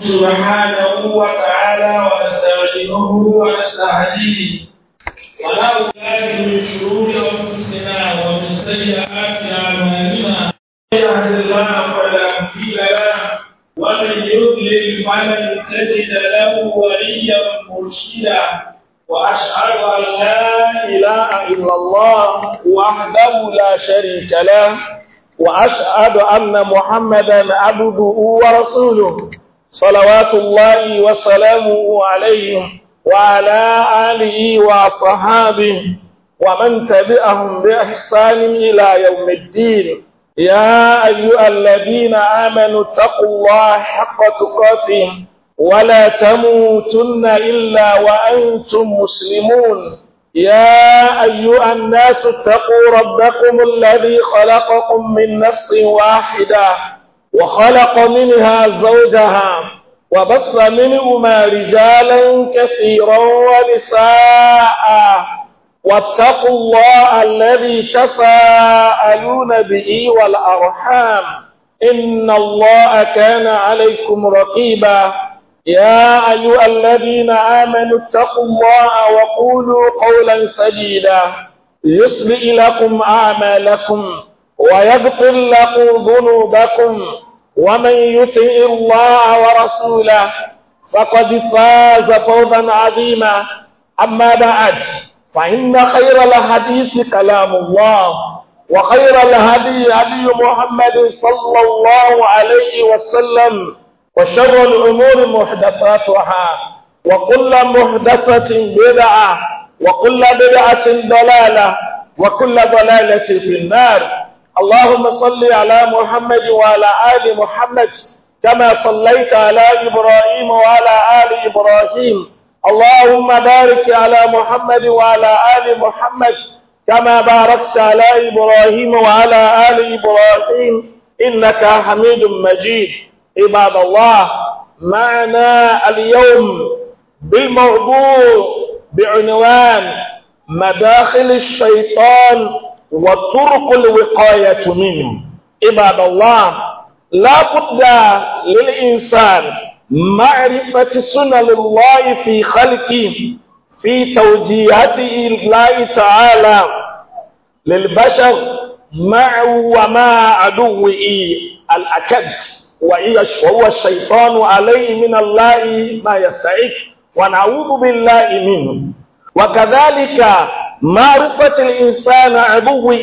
سبحانه وتعالى ونستعينه ونستهديه ونعوذ بالله من شرور انفسنا ومن سيئات اعمالنا من يهد الله فلا مضل له ومن يضلل فلن تجد له وليا مرشدا واشهد ان لا اله الا الله وحده لا شريك له واشهد ان محمدا عبده ورسوله صلوات الله وسلامه عليهم وعلى آله وصحابه ومن تبعهم بإحسان إلى يوم الدين يا أيها الذين آمنوا اتقوا الله حق تقاته ولا تموتن إلا وأنتم مسلمون يا أيها الناس اتقوا ربكم الذي خلقكم من نفس واحدة وخلق منها زوجها وبص منهما رجالا كثيرا ونساء واتقوا الله الذي تساءلون به والأرحام إن الله كان عليكم رقيبا يا أيها الذين آمنوا اتقوا الله وقولوا قولا سديدا يصلئ لكم أعمالكم ويغفر لكم ذنوبكم ومن يطع الله ورسوله فقد فاز فوزا عظيما أما بعد فإن خير الحديث كلام الله وخير الهدي هدي محمد صلى الله عليه وسلم وشر الأمور محدثاتها وكل محدثة بدعة وكل بدعة ضلالة وكل ضلالة في النار اللهم صل على محمد وعلى آل محمد كما صليت على إبراهيم وعلى آل إبراهيم اللهم بارك على محمد وعلى آل محمد كما باركت على إبراهيم وعلى آل إبراهيم إنك حميد مجيد عباد الله معنا اليوم بالموضوع بعنوان مداخل الشيطان وطرق الوقاية منه عباد الله لا بد للإنسان معرفة سنن الله في خلقه في توجيهاته الله تعالى للبشر مع وما عدوه الأكد وهي وهو الشيطان عليه من الله ما يستعيك ونعوذ بالله منه وكذلك معرفة الإنسان عدوه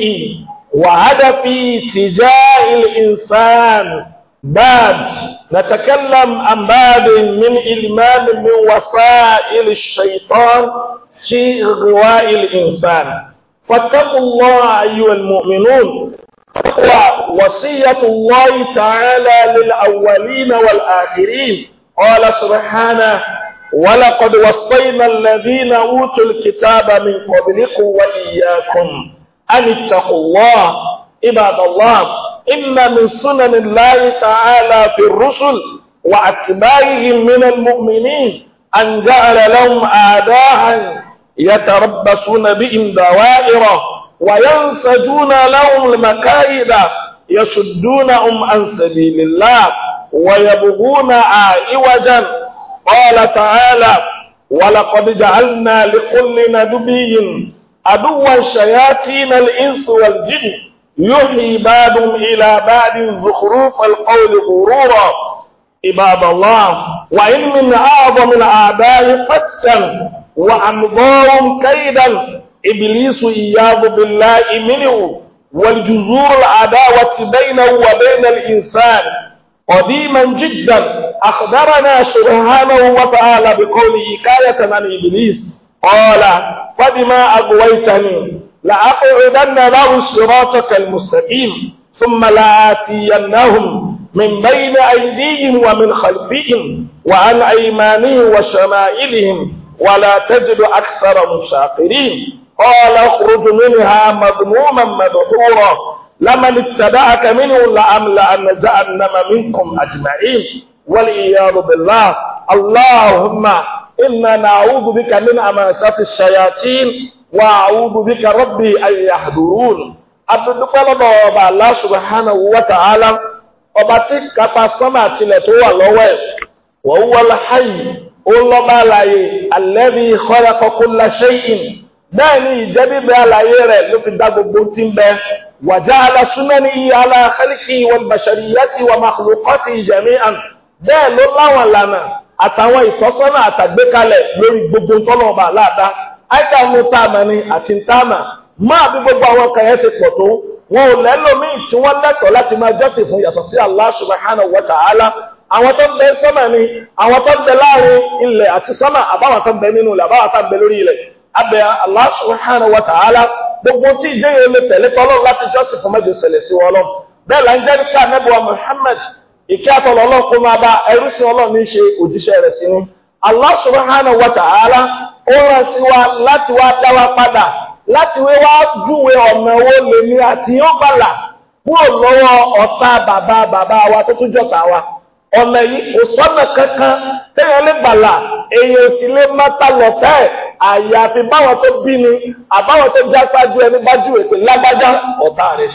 وهدفي تجاه الإنسان باب نتكلم عن باب من إلمان من وسائل الشيطان في غواء الإنسان فاتقوا الله أيها المؤمنون وصية الله تعالى للأولين والآخرين قال سبحانه ولقد وصينا الذين أوتوا الكتاب من قبلكم وإياكم أن اتقوا الله عباد الله إن من سنن الله تعالى في الرسل وأتباعهم من المؤمنين أن جعل لهم اعداء يتربصون بهم دوائر وينسجون لهم المكائد يصدونهم عن سبيل الله ويبغون عائوجا قال تعالى ولقد جعلنا لكل نبي عدوا شياطين الإنس والجن يحيي بعض إلى بعض زخرف القول غرورا عباد الله وإن من أعظم الأعداء فتسا وانظار كيدا إبليس اياه بالله منه والجذور العداوة بينه وبين الإنسان قديما جدا أخبرنا سبحانه وتعالى بقوله حكاية عن إبليس قال فبما أغويتني لأقعدن له صراطك المستقيم ثم لآتينهم من بين أيديهم ومن خلفهم وعن أيمانهم وشمائلهم ولا تجد أكثر مشاقرين قال اخرج منها مذموما مدحورا لمن اتبعك منه لأملأن جهنم منكم أجمعين والعياذ بالله اللهم إنا نعوذ بك من أماسات الشياطين وأعوذ بك ربي أن يحضرون adúdúpẹ́ lọ́dọ̀ ọba Allah subhanahu wa ta'ala ọba tí kápá sánmà tilẹ̀ tó wà lọ́wọ́ ẹ̀ wa huwal hayy ó lọ́ba àlàyé alladhi khalaqa kulla shay'in bẹ́ẹ̀ ni ìjẹ́bíbẹ́ àlàyé rẹ̀ ló fi dá gbogbo tí ń bẹ wàjáàlá súnmẹ́ni ala khalqi wal bashariyati wa makhluqati jami'an bẹ́ẹ̀ ló láwọn lànà àtàwọn ìtọ́sọ́nà àtàgbékalẹ̀ lórí gbogbo tọ́lọ̀ọ̀bà láàdá àìkà mú táàmà ni àti táàmà máa bí gbogbo àwọn kàyẹ́ ṣe pọ̀ tó wọn ò lẹ́lòmíì tí wọ́n lẹ́tọ̀ọ́ láti máa jọ́sìn fún yàtọ̀ sí Allah subhanahu wa àwọn tó ń bẹ sọ́mà ni àwọn tó ń bẹ láàrin ilẹ̀ àti sọ́mà àbáwọn tó ń bẹ nínú ilẹ̀ àbáwọn tó ń bẹ lórí ilẹ̀ abẹ́ Allah subhanahu wa gbogbo tí ìjẹ́ yóò lè tẹ̀lé tọ́lọ́ láti jọ́sìn fún mẹ́jọ ṣẹlẹ̀ sí wọn lọ bẹ́ẹ̀ là ń jẹ́ nípa nẹ́bùwà Muhammad ìkẹ́ àtọ̀lọ́ ọlọ́run kó máa bá ẹrú sí ọlọ́run ní ṣe òjíṣẹ́ rẹ̀ sí ni Allah subhanahu wa ta'ala ó rán sí wa láti wá dá wa padà láti wé wá júwe ọ̀nà owó lèmi àti yóò bàlà kúrò lọ́wọ́ ọ̀tá bàbá bàbá wa tó tún jọ̀tá wa. ọ̀nà yìí kò sọ́nà kankan téèyàn lè gbàlà èèyàn sì lè má ta lọ̀tẹ́ àyàfi báwọn tó bí ni àbáwọn tó já sáájú ẹni bá jù èpè lágbájá ọ̀tá ni.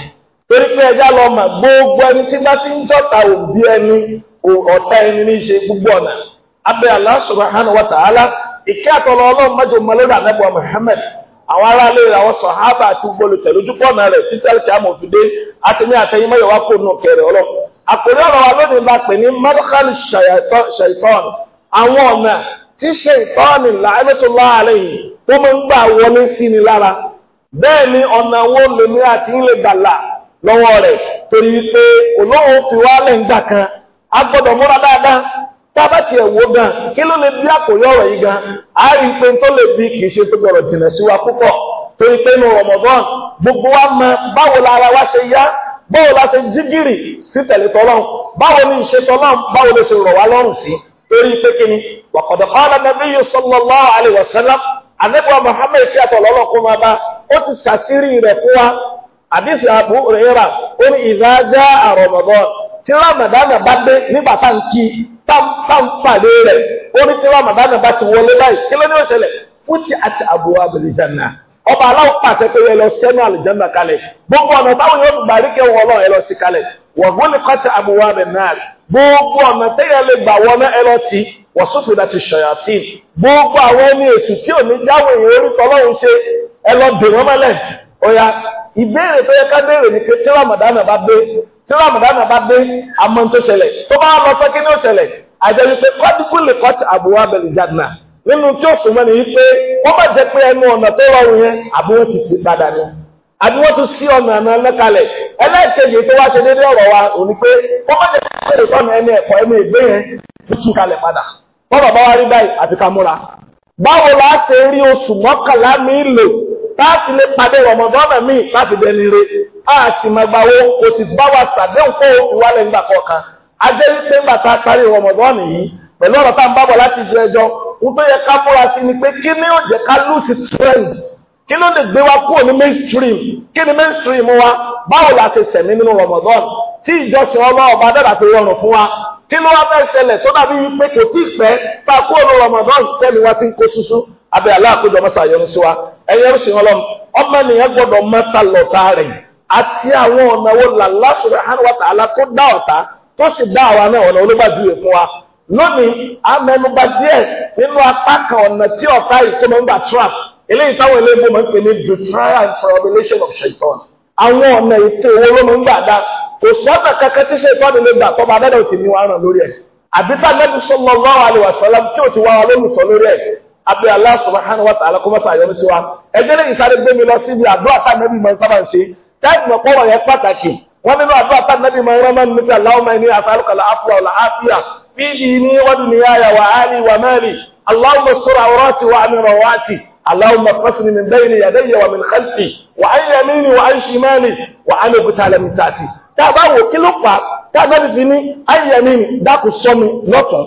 torí pé ẹja lọ mà gbogbo ẹni tí bá ti ń jọ́ta òbí ẹni ọ̀tá ẹni ní í ṣe gbogbo ọ̀nà. abẹ́ ìkẹ́ àtọ̀lọ́ ọlọ́run mẹ́jọ àwọn àwọn sọ̀hábà àti rẹ̀ kò nù àpèrè ọ̀rọ̀ wa lónìí la pè ní madkhal shaitan àwọn ọ̀nà tí shaitan la'natullah alayhi tó máa ń gbà wọlé sí ni lára bẹ́ẹ̀ ni ọ̀nà wo lèmi àti ń lè gbàlà lọ́wọ́ rẹ̀ torí wípé olóhùn fi wá lẹ́ǹgbà kan a gbọ́dọ̀ múra dáadáa tábà tiẹ̀ wò gan kí ló lè bí àkòrí ọ̀rọ̀ yìí gan a rí i pé tó lè bí kì í ṣe sí gbọ́dọ̀ jìnà sí wa púpọ̀ torí pé inú Ramadan gbogbo wa mọ báwo lára wa ṣe yá báwo la ṣe jígìrì sí tẹ̀lé tọ́lọ́run báwo ni ìṣe tọ́lọ́run báwo ló ṣe rọ̀ wá lọ́rùn sí torí pé kí ni wàkọ̀dọ̀ kọ́lá nabiyyu sallallahu alaihi wasallam anẹ́kọ̀ọ́ Muhammad fi àtọ̀lọ́lọ́ kó máa bá ó ti ṣàṣírí rẹ̀ fún wa àdìsí Abu Huraira ó ní idha jaa Ramadan tí Ramadan bá dé nígbà tá ọba aláwọ̀ pàṣẹ pé ẹ lọ sẹ́nu àlùjánnà kalẹ̀ gbogbo ọ̀nà táwọn yóò gbà rí kẹwọn ọlọ́run ẹ lọ sí kalẹ̀ wọ́n wọ́n lè kọ́tà àbúwá rẹ̀ náà gbogbo ọ̀nà tẹ́yẹ lè gbà wọ́n náà ẹ lọ tí wọ́n sófin láti ṣọ̀yà tí gbogbo àwọn ẹni èṣù tí ò ní jáwé ìwé orúkọ ọlọ́run ṣe ẹ lọ bè wọ́n mọ́lẹ̀ ọ̀yà ìbéèrè tó yẹ ká béèrè ni pé tí ramadana bá dé tí ramadana bá dé nínú tí ó sùn mọ́ nìyí pé wọ́n bá jẹ pé ẹnu ọ̀nà tó rọrùn yẹn àbí wọ́n ti padà ni àbí wọ́n tún sí ọ̀nà àná lẹ́kalẹ̀ ẹlẹ́ẹ̀kejì tó wá ṣe déédé ọ̀rọ̀ wa òní pé wọ́n bá jẹ́ pé ìtọ́nà ẹni ẹ̀kọ́ ìgbé yẹn tún kalẹ̀ padà wọ́n bàbá wa re a sì gbàwó kò sì ohun tó yẹ ká fúra sí ni pé kí ni ó jẹ́ ká lose strength kí ló lè gbé wa kúrò ní mainstream kí ni mainstream wa báwo la ṣe sẹ̀mí nínú Ramadan tí ìjọsìn ọlọ́ọ̀bá dára fi rọrùn fún wa kí ló wá fẹ́ ṣẹlẹ̀ tó dàbí wípé kò tí ì pẹ́ tá a kúrò ní Ramadan tẹ́mi wá ti ń kó ṣuṣu abẹ́ aláàkójọ mọ́sá yọnu sí wa ẹ̀yẹ́ ń sìn ọlọ́m ọmọ ènìyàn gbọ́dọ̀ mẹ́ta lọ́ta rẹ̀ àti àwọn ọ̀nà wo làlá subhanahu wa ta'ala dá ọ̀tá tó sì dá àwa náà ọ̀nà olúgbàdúyè fún wa lónìí amẹnuba díẹ̀ nínú apá kan ọ̀nà tí ọ̀tá ìkọ́mọ̀ngbà trap eléyìí táwọn eléyìí bó máa ń pè ní the trial and tribulation of shaitan àwọn ọ̀nà ètò owó ló máa ń gbà dá kò sọ́nà kankan tí shaitan lè gbà tọ́ba adájọ́ ti ní wàá ràn lórí ẹ̀ àbíta nẹ́bí sallallahu alaihi wasallam tí ò ti wá wa lólùsọ lórí ẹ̀ abẹ́ Allah subhanahu wa ta'ala kó mọ́sá àyọ̀mí sí wa ẹgbẹ́ lè sáré gbé mi lọ sí ibi àdúrà tá nẹ́bí máa ń sábà ń ṣe táìmù ọ̀pọ̀ wọ̀nyẹn pàtàkì wọ́n nínú àdúrà tá nẹ́bí máa ń rán mọ́ nípa Allahumma inni as'aluka al-'afwa wal-'afiya في ديني ودنياي وآلي ومالي اللهم استر عوراتي وأمن رواتي اللهم اقصني من بين يدي ومن خلفي وعن يميني وعن شمالي وعن ابتال من تاسي تابعوا كلفة تابعوا فيني عن يميني داكو الصمي نطر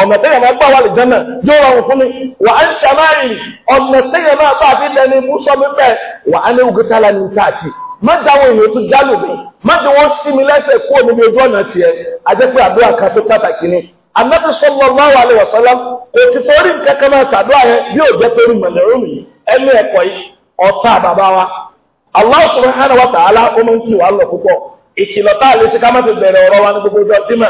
ọ̀nà tẹ́yẹ̀ máa gbà wà lè jẹ́nà yóò rọrùn fún mi wà á ń ṣàmáyì ọ̀nà tẹ́yẹ̀ máa bá àbí lẹni mú sọ mi bẹ́ẹ̀ wà á ní ogun tálà ní tààtì má dáwọn èèyàn tó jálù mi má jẹ́ wọ́n sí mi lẹ́sẹ̀ kúrò níbi ojú ọ̀nà tiẹ̀ àjẹ́ pé àdúrà kan tó pàtàkì ni anabi sallallahu alaihi wasallam kò ti torí nǹkan kan máa ṣàdúrà yẹn bí ò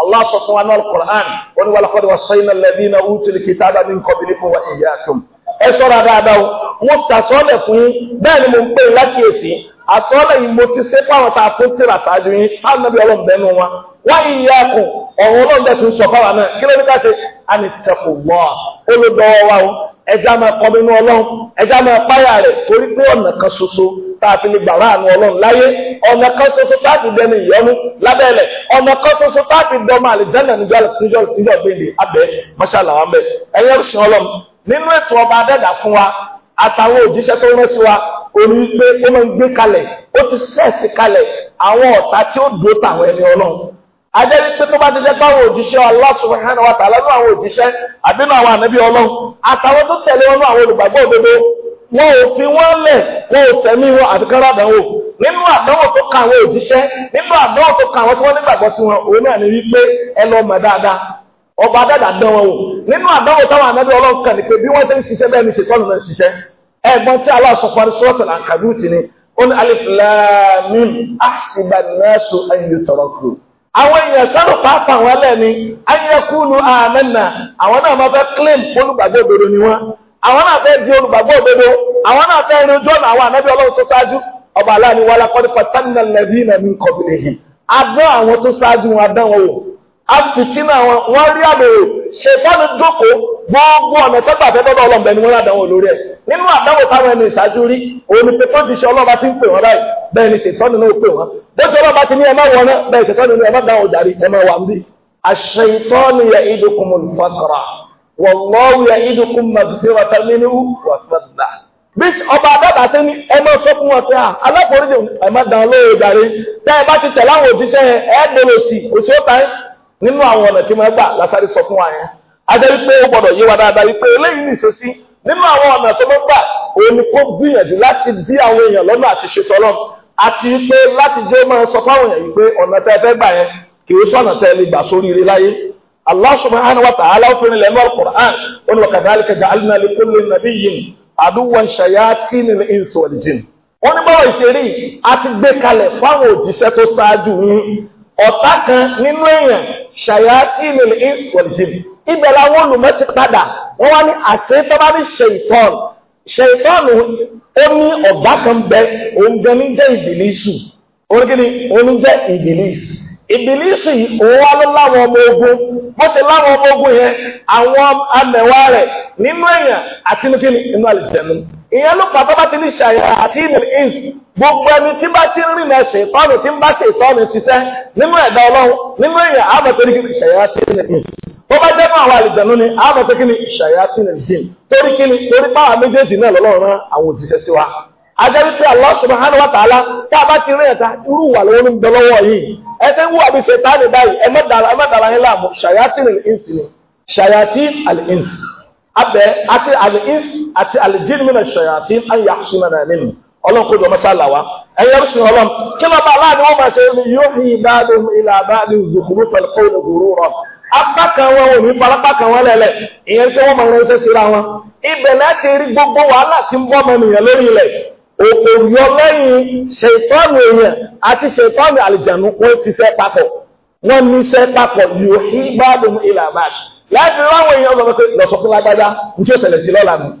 Allah sọ fún wa ní alukur'an ó ní walaqad waṣṣayna alladhina utul kitaba min qablikum wa iyyakum ẹ sọ́ra dáadáa o wọ́n ti àsọ́ọ̀lẹ̀ fún yín bẹ́ẹ̀ ni mo ń pè láti èsì àsọ́ọ̀lẹ̀ yìí mo ti ṣe fáwọn tá a fún tìrà ṣáájú yín á nàbí ọlọ́run bẹ́ẹ̀ nù wọn wa ọ̀run ọlọ́run bẹ́ẹ̀ tún sọ fáwọn náà kí ló ní ká ṣe á ní tẹ̀kù wọ́n ẹja máa kọ́ nínú ọlọ́run ẹja máa páyà rẹ̀ torí pé ọ̀nà kan ṣoṣo tá a fi lè gbà láàánú ọlọ́run láyé ọ̀nà kan ṣoṣo tá a fi dẹnu ìyọnu lábẹ́lẹ̀ ọ̀nà kan ṣoṣo tá a fi dọ́mọ àlìjẹ́nà níjọ́ gbèndé abẹ́ mọ́ṣálà wa mẹ́ ẹ̀yẹ́ òṣìṣẹ́ ọlọ́run nínú ètò ọba adẹ́dà fún wa àtàwọn òjíṣẹ́ tó rán sí wa orí pé ó máa ń gbé kalẹ̀ ó ti sẹ́ẹ̀sì kalẹ̀ àwọn ọ̀tá tí ó dúró tàwọn ẹni ọlọ́run ajẹ́ wípé tó bá ti jẹ́ báwọn òjíṣẹ́ Allah subhanahu wa ta'ala nínú àwọn òjíṣẹ́ àbínú àwọn ànábí ọlọ́run àtàwọn tó tẹ̀lé wọn nínú àwọn olùgbàgbọ́ òdodo wọn ò fi wọ́n lẹ̀ wọn ò sẹ́mi wọn àti kán rádánwò nínú àdánwò tó kà àwọn òjíṣẹ́ nínú àdánwò tó kà àwọn tí wọ́n nígbàgbọ́ sí wọn òun náà wípé ẹ lọ dáadáa ọba dán wọn nínú àdánwò táwọn ànábí ọlọ́run kàn ní pé bí àwọn èèyàn sọ́rọ̀ pàápàá wọn lẹ́ni ayẹ́kúnú àmẹ́nà àwọn náà máa fẹ́ claim olùgbàgbọ́ òdodo ni wọ́n àwọn náà fẹ́ di olùgbàgbọ́ òdodo àwọn na fẹ́ rin ojú ọ̀nà àwọn ànábì ọlọ́run tó ṣáájú ọba aláàni wàlá kọ́ni fatanna lẹ́bí àwọn tó ṣáájú wọn wọn àfìtínà wọn wọ́n rí àbẹ̀wò ṣètọ́nù jókòó gbogbo ọ̀nà tọ́gbà àfẹ́tọ́dọ̀ ọlọ́mọbẹ ni wọ́n ládàwọn olórí ẹ̀ nínú àdáwò táwọn ẹni ìṣáájú rí òun ni pépé ti ṣe ọlọ́ba ti ń pè wọ́n báyìí bẹ́ẹ̀ ni ṣètọ́nù náà pè wọ́n bó ti ọlọ́ba ti ní ẹ má wọ́n náà bẹ́ẹ̀ ṣètọ́nù ní ẹ má dáhùn jàre ẹ má wà ń bì. àṣẹ ọba àbábà ṣe ní ẹ máa sọ fún wọn pé aláforíjì ẹ má dáhùn lóòjàre tẹ ẹ bá ti tẹ̀ láwọn òjíṣẹ́ ẹ ẹ dèrò sí òṣèlú nínú àwọn ọ̀nà tí wọ́n gbà lásàrí sọ fún wa yẹn ajẹ́ wípé ó gbọ́dọ̀ yé wa dáadáa wípé eléyìí ní ìṣesí nínú àwọn ọ̀nà tó máa gbà òun ni kó gbìyànjú láti dí àwọn èèyàn lọ́nà àti ṣètò ọlọ́run àti pé láti jẹ́ máa sọ fáwọn èèyàn wípé ọ̀nà tẹ́ fẹ́ gbà yẹn kì í sọ̀nà tẹ́ lè gbà sórí ire láyé Allah subhanahu wa ta'ala ìṣeré àti gbé kalẹ̀ fáwọn òjíṣẹ́ tó ṣáájú yín ọ̀tá kan nínú èèyàn ṣàyàtì nílẹ̀ ìsọ̀jìn ibẹ̀ làwọn olùmọ̀ ti padà wọ́n wá ní àṣẹ tó bá ní ṣèitọ́n ṣèitọ́n ó ní ọ̀gá kan bẹ òun gan ní jẹ́ ìbìlísù òun kí ni òun jẹ́ ìbìlísù ìbìlísù yìí òun wá ló láwọn ọmọ ogun bó ṣe láwọn ọmọ ogun yẹn àwọn amẹ̀wá rẹ̀ nínú èèyàn àti nínú inú àlìjẹ̀nu ìyẹn ló pàtó bá ti ní ṣàyàtì nílẹ̀ ìsọ̀jìn gbogbo ẹni tí bá ti ń rìn ẹsẹ̀ ìtọ́nù tí ń bá ṣe ìtọ́nù ṣiṣẹ́ nínú ẹ̀dá ọlọ́run nínú èèyàn àbọ̀tẹ́ ní kíni ìṣẹ̀yà tí ní ìsìn tó bá jẹ́ fún àwọn àlìjẹ̀nu ni àbọ̀tẹ́ kíni ìṣẹ̀yà tí ní ìsìn torí kíni torí páwà méjèèjì náà lọ́lọ́run rán àwọn òjíṣẹ́ sí wa. ajẹ́ wípé Allah subhanahu wa tá a bá ti rìn ẹ̀ta irú wà lọ́wọ́ abẹ àti àlìínsì àti àlìjín mìíràn ṣàyàtì ayé àṣìmọ̀ náà nínú ọlọ́kọ̀dọ̀ mọ́sálà wa ẹ̀yẹ ń sìn ọlọ́m kí ló bá aláàdé wọn máa ṣe ní yóò hì ìdáàdé ilà àbáàdé zùkúrú pẹ̀lú kóòdù gòrò rọ apá kan wọn ò ní fara apá kan wọn lẹ̀lẹ̀ ìyẹn tí wọ́n máa ń ránṣẹ́ síra wọn ibẹ̀ láti rí gbogbo wàhálà tí ń bọ́ ọmọ nìyẹn lórí ilẹ̀ òkò yọ lẹ́yìn ṣètọ́nù èèyàn àti ṣètọ́nù àlìjànú wọ́n ṣiṣẹ́ papọ̀ wọ́n níṣẹ́ papọ̀ yóò hì ìgbàdùn ilà àbáàdé láti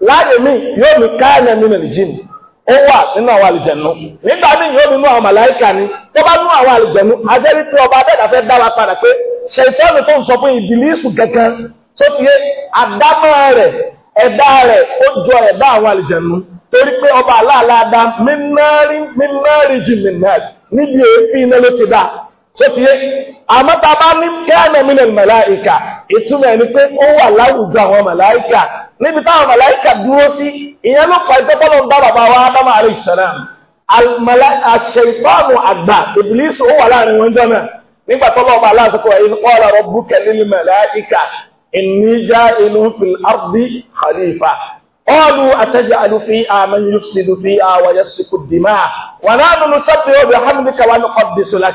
láàyè mi yóò mi káàní ẹ̀mí nìyí jìn ó wà nínú àwọn àlùjẹ̀nu nígbà míì yóò nínú àwọn màláìkà ni tó bá nú àwọn àlùjẹ̀nu àṣẹ́rí pé ọba abẹ́ẹ̀dá fẹ́ dá wa padà pé ṣètọ́nù tó ń sọ fún ìbílísù kankan tó fi àdámọ́ rẹ̀ ẹ̀dá rẹ̀ ó jọ ẹ̀dá àwọn àlùjẹ̀nu torí pé ọba aláàlá dá mímẹ́rin mímẹ́rin jìn mìíràn níbi èéfín iná ló ti dá tó ti yé àmọ́ tá a bá ní kẹ́ẹ̀nà mí lẹ́nu màláìkà ìtumọ̀ ẹni pé ó wà láwùjọ àwọn màláìkà níbi táwọn màláìkà dúró sí ìyẹn ló fà ìtọ́kọ́ ló ń bá bàbá wa ádámà alayhi salam àṣẹ ìtọ́nù àgbà ìbílísì ó wà láàrin wọn jọ́nà nígbà tó lọ́ọ́ bá aláàtúkọ̀ ẹ̀yìn qala rabbuka lil màláìkà inni ja'ilun fil ardi khalifa قالوا أتجعل فيها من يفسد فيها ويسفك الدماء ونحن نسبح بحمدك ونقدس لك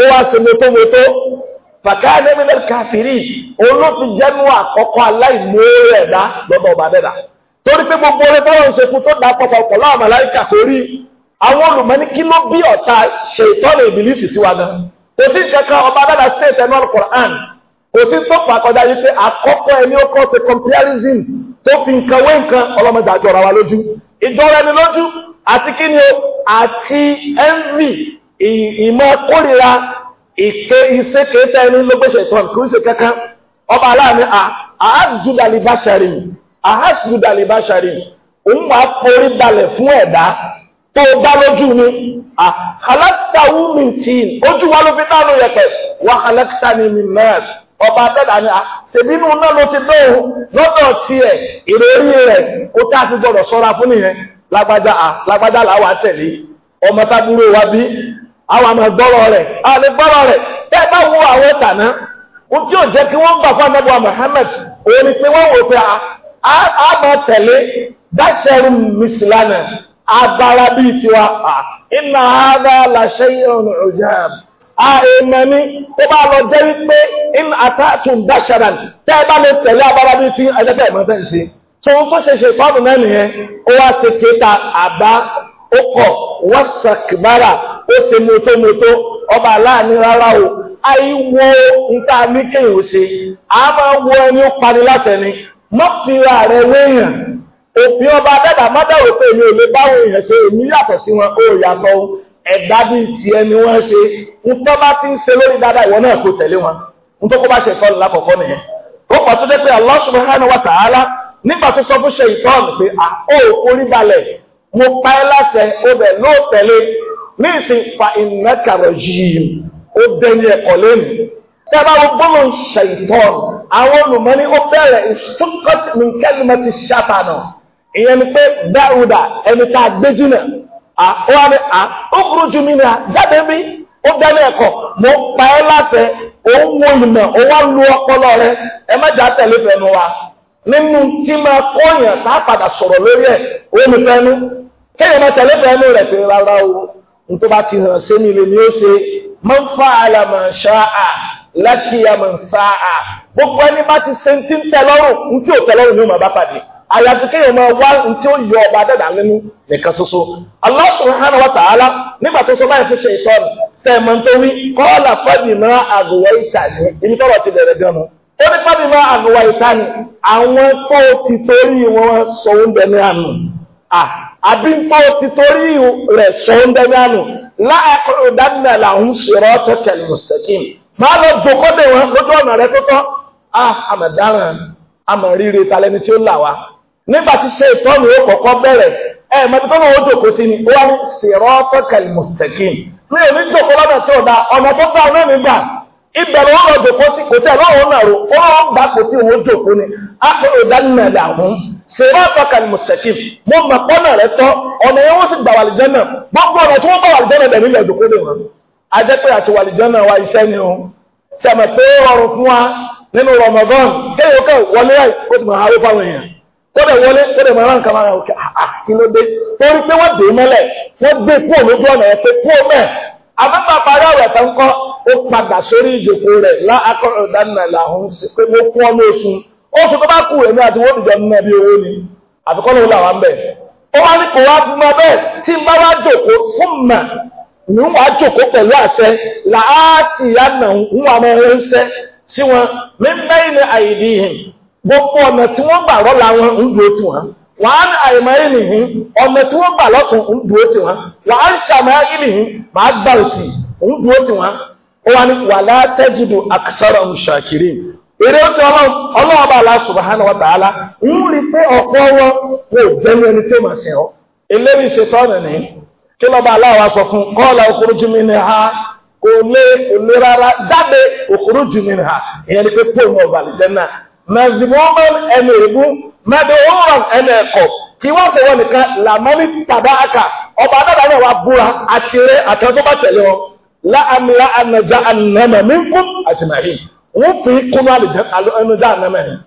ó wá ṣe mọ́tòmọ́tò fàkàdé mílẹ̀ káfírí olófin jẹ́nu àkọ́kọ́ aláìmóore ẹ̀dá lọ́dọ̀ ọba dẹ́dà torí pé gbogbo orin bọ́lá ń ṣe fún tó dá pọ̀pọ̀ pọ̀lọ́ àmàláìkà kò rí àwọn olùmọ́ni kí ló bí ọ̀tá ṣe ìtọ́nà ìbílísì sí wa gan kò sí kankan ọba dẹ́dà state ẹnu alukoran kò sí tó fà kọjá yìí pé àkọ́kọ́ ẹni ó kọ́ ṣe comparisons tó fi nǹkan wé nǹkan ọlọ́mọdé àjọra wa lójú ìjọra ẹni lójú àti kí ni o àti envy ìmọ̀ kórìíra ìṣẹ́kẹ̀ẹ́ta ẹni ló gbéṣẹ̀ sọ̀rọ̀ kì í ṣe kankan ọba aláàmì àhásùdàlìbáṣàrì àhásùdàlìbáṣàrì òun máa forí balẹ̀ fún ẹ̀dá tó bá lójú ni àhálàkítàwù mi tì í ojú wa ló fi dánú yẹpẹ wà hálàkítà ni mi mẹ́ẹ̀ ọba abẹ́dà ni ṣèbínú náà ló ti lóhùn lọ́dọ̀ tiẹ̀ ìrírí rẹ̀ kó tá a ti gbọ́dọ̀ sọ́ra fún nìyẹn lágbájá lágbájá làwọn àtẹ̀lé ọmọ tábúrò wa bí àwọn àmọ̀ gbọ́rọ̀ rẹ̀ àmì gbọ́rọ̀ rẹ̀ tẹ́ ẹ bá wo àwọn tàná ohun tí ò jẹ́ kí wọ́n fún òun ni pé wò a máa tẹ̀lé dáṣẹ́rù mùsùlùmí agbára bíi tiwa iná ara làṣẹ ìrọ̀rùn ọ̀jà àìmọ̀ ni tó bá lọ jẹ́ wípé in atatun dasharan tẹ́ ẹ bá agbára bíi ti ṣe tó ń tó ìpamọ́ náà nìyẹn ó wá ṣe kéta àbá ó ó ṣe mọ́tòmọ́tò ọba aláàánú rárá o àìwo nta ní kéèyàn ṣe a máa wo ẹni ó pani láṣẹ ni má fi ra rẹ léèyàn òfin ọba dẹ́dà má dẹ̀wò pé èmi ò lè báwọn èèyàn ṣe èmi yàtọ̀ sí wọn ó yàtọ̀ ẹ̀dá bí ti ẹni wọ́n ṣe nǹkan bá ti ń ṣe lórí dáadáa ìwọ náà kò tẹ̀lé wọn nǹkan kó bá ṣe sọ́ọ̀nù lákọ̀ọ́kọ́ nìyẹn ó pọ̀ tó dé pé Allah subhanahu wa ta'ala nígbà tó sọ fún ṣe ìtọ́ọ̀nù pé à ó orí balẹ̀ mo pa ẹ́ láṣẹ ó bẹ̀ lóò tẹ̀lé ní ìsìn fa innaka rajim ó dẹni ẹ̀kọ́ lẹ́nu tẹ́lá gbọ́nà ṣèǹtọ́n àwọn olùmọ́ni ó bẹ̀rẹ̀ ìṣúkọ́tì nìkẹ́lùmọ́tì ṣàtà náà ìyẹn ni pé dáhùdà ẹni tá a gbé jìnnà ó wà ní à ó kúrò jù mí nà jáde mi ó dẹni ẹ̀kọ́ mo pa ẹ́ láṣẹ òun wo ìmọ̀ ó wá lu ọpọlọ rẹ ẹ má jà tẹ̀lé fẹ́nu wa nínú tí máa kọ́yàn tá a padà sọ̀rọ̀ lórí ẹ̀ ó ní fẹ́nu kéèyàn má tẹ̀lé fẹ́nu rẹ̀ pé rárá o ní tó bá ti hàn sẹ́nu ilé ni ó ṣe man fa'ala ma sha'a laqiya man sa'a gbogbo ẹni bá ti ṣe ti ń tẹ lọ́rùn ní tí ò tẹ lọ́rùn ni ó máa bá pàdé àyàfi kéèyàn máa wá ní tí ó yọ ọba dẹ́dà nínú nìkan ṣoṣo Allah subhanahu wa ta'ala nígbà tó sọ báyìí fún ṣe ìtọ́nù sẹ́ẹ̀mọ̀ tó wí kọ́ọ̀là fẹ́bì máa àgùwọ̀ ìta ní ibi tọ́rọ̀ ti bẹ̀rẹ̀ gan ó ní fẹ́bì máa àgùwọ̀ àwọn tó ti torí wọn sọ oúnjẹ ní àná ah, àbíntó ti torí rẹ̀ sọ́ńdẹ́ dánù láàkúrò dánù làwọn sọ̀rọ̀ tẹ̀kẹ̀ mùsẹ̀kìm máa lọ jòkó dè wọn lójú ọ̀nà rẹ tótọ́ àmàdáràn ah, àmàríire talẹ́ni tí ó là wá nígbà tí ṣe ìtọ́nù ó kọ́kọ́ bẹ̀rẹ̀ ẹ mẹ́tí tó lọ́wọ́ jòkó sí ni wọ́n sọ̀rọ̀ tẹ̀kẹ̀ mùsẹ̀kìm mi ò ní jòkó lọ́nà tí ò da ọ̀nà tó tọ́ ọ̀nà mi gbà ìbẹ̀rẹ̀ wọn lọ jòkó sí kò tẹ̀ náà rò ó lọ́wọ́ gbà kò tí òun jòkó ni á sèrọ́ọ̀tọ̀kà ni mùsẹ̀kìm mo mọ̀ pọ́nà rẹ tọ́ ọ̀nà yẹn wọ́n sì gbà wàlìjẹ́ náà gbogbo ọ̀nà tí wọ́n bá wàlìjẹ́ náà dẹ̀mí ilẹ̀ ìdókòdè wọn. a jẹ́ pé àti wàlìjẹ́ náà wá iṣẹ́ ni o tí a mọ̀ pé rọrùn fún wa nínú Ramadan kéèyàn kẹ́ wọlé ẹ̀ ó ti mọ̀ àárẹ̀ fáwọn èèyàn kódà wọlé kódà mọ̀ ránkà máa ń kẹ́ ah, ah, kí ló dé torí pé wọ́n dé mọ́lẹ̀ wọ́n gbé kúrò lójú ọ̀nà ẹ̀ pé kúrò mẹ́ àbẹ́bà parí ọ̀rọ̀ tán kọ́ ó padà sórí ìjòkó rẹ̀ lá akọ̀rọ̀ dáná làwọn ń sè pé mo fún ọ lóṣù oṣù tó bá kù èmi àti wọ́n dìjọ nínú ẹbí owó ni àfikọ́ lówó làwọn bẹ̀. ó wá ní kò wá bí mo bẹ́ẹ̀ tí n bá wá jòkó fún mà ń wá jòkó pẹ̀lú àṣẹ làátì yánà ń wà mọ ohun ṣẹ́ sí wọn mí mẹ́yìn ní àìdí yìí gbogbo ọ̀nà tí wọ́n gbà rọ́la wọn ń dúró tì wọ́n wàá ní àìmọ̀ yìí nìyí ọ̀nà tí wọ́n gbà lọ́tún ń dúró tì wọ́n wàá ń ṣàmọ́ yìí nìyí màá gbà òsì ń dúró tì wọ́n ó wá ní wàlá tajidu èrè ó ti ọlọ́run ọlọ́run bá la subhanahu wa ta'ala ń rí pé ọ̀pọ̀ wọn kò jẹ́nu ẹni tí ó máa ṣẹ̀ ọ́ eléyìí ṣe tọ́nù ní kí lọ́ba aláwa sọ fún qala ukhruj minha kò lé kò lé rárá jáde ukhruj minha ìyẹn ni pé pọ́ùn ọba àlìjẹ́nà mẹ́sìmọ́mọ́n ẹni èébú mẹ́dọ̀ọ́rọ̀ ẹni ẹ̀kọ́ kí wọ́n sọ wọn nìkan làmọ́ní tàbá àkà ọba adáda náà wà wọ́n fi kúrò àlùjẹ́nu dáàná mẹ́rin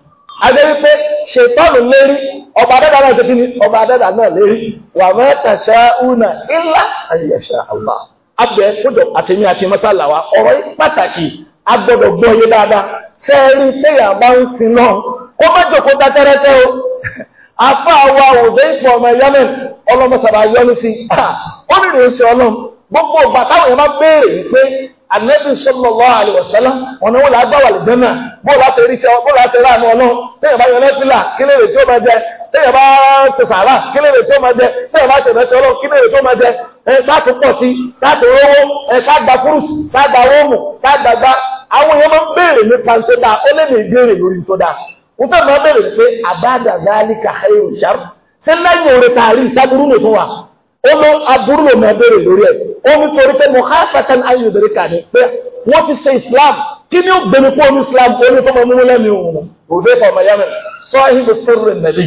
adé wípé ṣètọ́nù lérí ọba adẹ́dà náà ṣe kí ni ọba adẹ́dà náà lérí wà mẹ́tàṣá una ilá àyẹ̀ṣà àlá abẹ́ kódò àtẹ̀mí àti mọ́sálà ọ̀rọ̀ pàtàkì agbọ́dọ̀ gbọ́ yé dáadáa sẹ́ẹ̀rí téèyàn bá ń sin náà kó má jòkó tẹ́tẹ́rẹ́tẹ́ o afa wa òde ìfọ̀ ọmọ yemen ọlọ́mọ sàbà yọ́nu Ànábì sallallahu alaihi wasallam ọ̀nà wọn làá gbàwà lùgbẹ́ náà bóòlù àti eríṣẹ́ bóòlù àti ráàánú ọlọ́run téèyàn bá yan lẹ́fìlà kí lèrè tí ó máa jẹ téèyàn bá ti sàárà kí lèrè tí ó máa jẹ téèyàn bá ṣèmẹ́tì ọlọ́run kí lèrè tí ó máa jẹ ẹ sáàtì pọ̀ sí sáàtì rówó ẹ sáàgbà fúrúùsì sáàgbà róòmù sáàgbàgbà àwọn ó lọ aburú ló máa béèrè lórí ẹ̀ ó torí pé mo ha fẹsẹ̀n ayélujára pé wọ́n ti ṣe islam kí ni ó gbẹmí kó ní islam ó ní fọmọ mímú lẹ́nu òun òde fọmọ yẹn mẹ sọ́ọ́hìbù sírì nàbí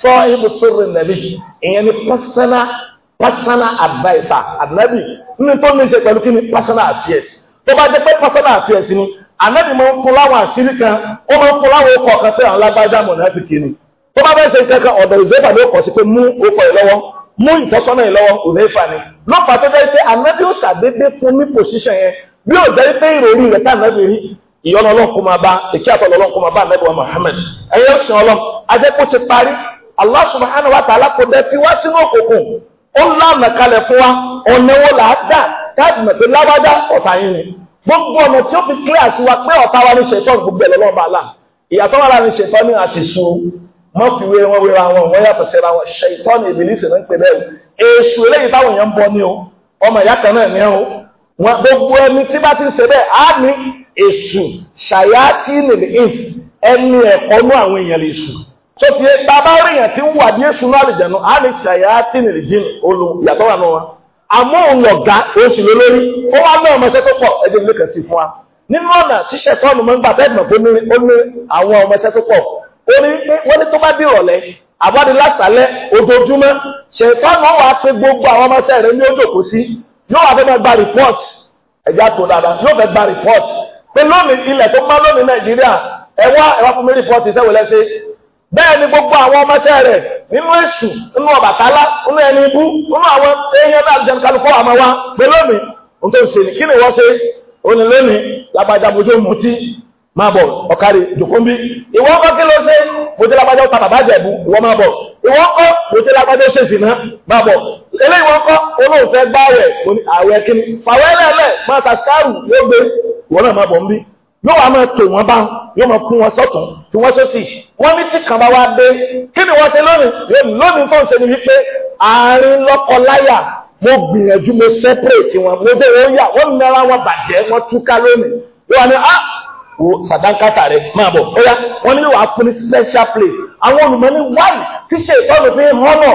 sọ́ọ́hìbù sírì nàbí ìyẹn ni personal personal adviser ànábì ní tó ní ṣe pẹ̀lú kí ni personal affairs tó bá jẹ́ pé personal affairs ni ànábì máa ń fún láwọn àṣírí kan ó máa ń fún láwọn ọkọ̀ kan tí àwọn alágbájá mọ̀ náà ti kiri tó bá fẹ́ ṣe kankan ọ̀dọ̀ ìzẹ́bà ló sí pé mú okọ̀ ẹ̀ lọ́wọ́ mú ìtọ́sọ́nà ìlọ́wọ́ òfẹ́fà ni lọ́pàá tó jẹ́ pé ànábì ò ṣàdédé fún ní pòṣíṣàn yẹn bí ò jẹ́ pé ìròrí rẹ̀ tá ànábì rí ìyọ́nà ọlọ́kùn máa bá èkí àtọ̀lọ́ ọlọ́kùn máa bá ànábì wa Muhammad ẹ̀yẹ òṣìṣẹ́ ọlọ́ ajẹ́ kó ti parí Allah subhanahu wa ta'ala kò dẹ̀ fi wá sínú òkùnkùn ó lánà kalẹ̀ fún wa ọ̀nà wo là á dà káàdì mẹ̀tẹ́ lábájá ọ̀tá yín ni gbogbo ọ̀nà mọ́ fi wé wọn wéra wọn wọ́n yàtọ̀ síra wọn ṣètọ́nì ìbílísì ní pé bẹ́ẹ̀ èṣù eléyìí táwọn èèyàn ń bọ ní o ọmọ ìyá kan náà ní o wọn gbogbo ẹni tí bá ti ń ṣe bẹ́ẹ̀ á ní èṣù ṣàyàtì nìlì ìf ẹni ẹ̀kọ́ nú àwọn èèyàn lè ṣù tó ti bàbá oríyàn tí ń wà ní èṣù náà lè jẹ̀nu á ní ṣàyàtì nìlì jìn olù yàtọ̀ wà nù wọn àmọ́ òun ọ̀gá oṣù lólórí fún wa nínú ọ̀nà wọ́n ní tó bá dé ìrọ̀lẹ́ àbáde lásàálẹ̀ ojoojúmọ́ ṣètọ́nù wà pé gbogbo àwọn ọmọọṣẹ́ rẹ̀ ní ó jókòó sí yóò wá fẹ́ máa gba report ẹ̀já tó dáadáa yóò fẹ́ gba report pé lónìí ilẹ̀ tó má lónìí Nàìjíríà ẹ̀wá ẹ̀wá fún mi report ìṣẹ́wò lẹ́sẹ̀ bẹ́ẹ̀ ni gbogbo àwọn ọmọọṣẹ́ rẹ̀ nínú èṣù nínú Ọbàtálá nínú ẹni ibú nínú àwọn èèyàn náà jẹun kálukọ́ àmọ́ wa pé lónìí ohun tó ń ṣe máa bọ̀ ọ̀kárí jòkóńbí ìwọ́n kọ́ kí ló ṣe fòtílágbájọ́ ta bàbá jẹ̀bú ìwọ́n máa bọ̀ ìwọ́n kọ́ fòtílágbájọ́ ṣe sì náà máa bọ̀ ilé ìwọ́n kọ́ olóòfẹ́ gbá rẹ̀ ààrẹ kíni fàwẹ́lẹ́lẹ̀ máa sàṣàrù yóò gbé ìwọ́n náà máa bọ̀ ń bí yóò wá máa tò wọ́n bá yóò máa fún wọn sọ́tún tí wọ́n sọ́sì wọ́n ní tí kan bá wá dé kí ni wọ́n ṣe lónìí lónìí wo sàdánkátà rẹ máa bọ̀ ẹ̀yà wọ́n nílò wàá fún ní special place àwọn olùmọ̀ ní wáì tí ṣe ìtọ́nù fi ń hánà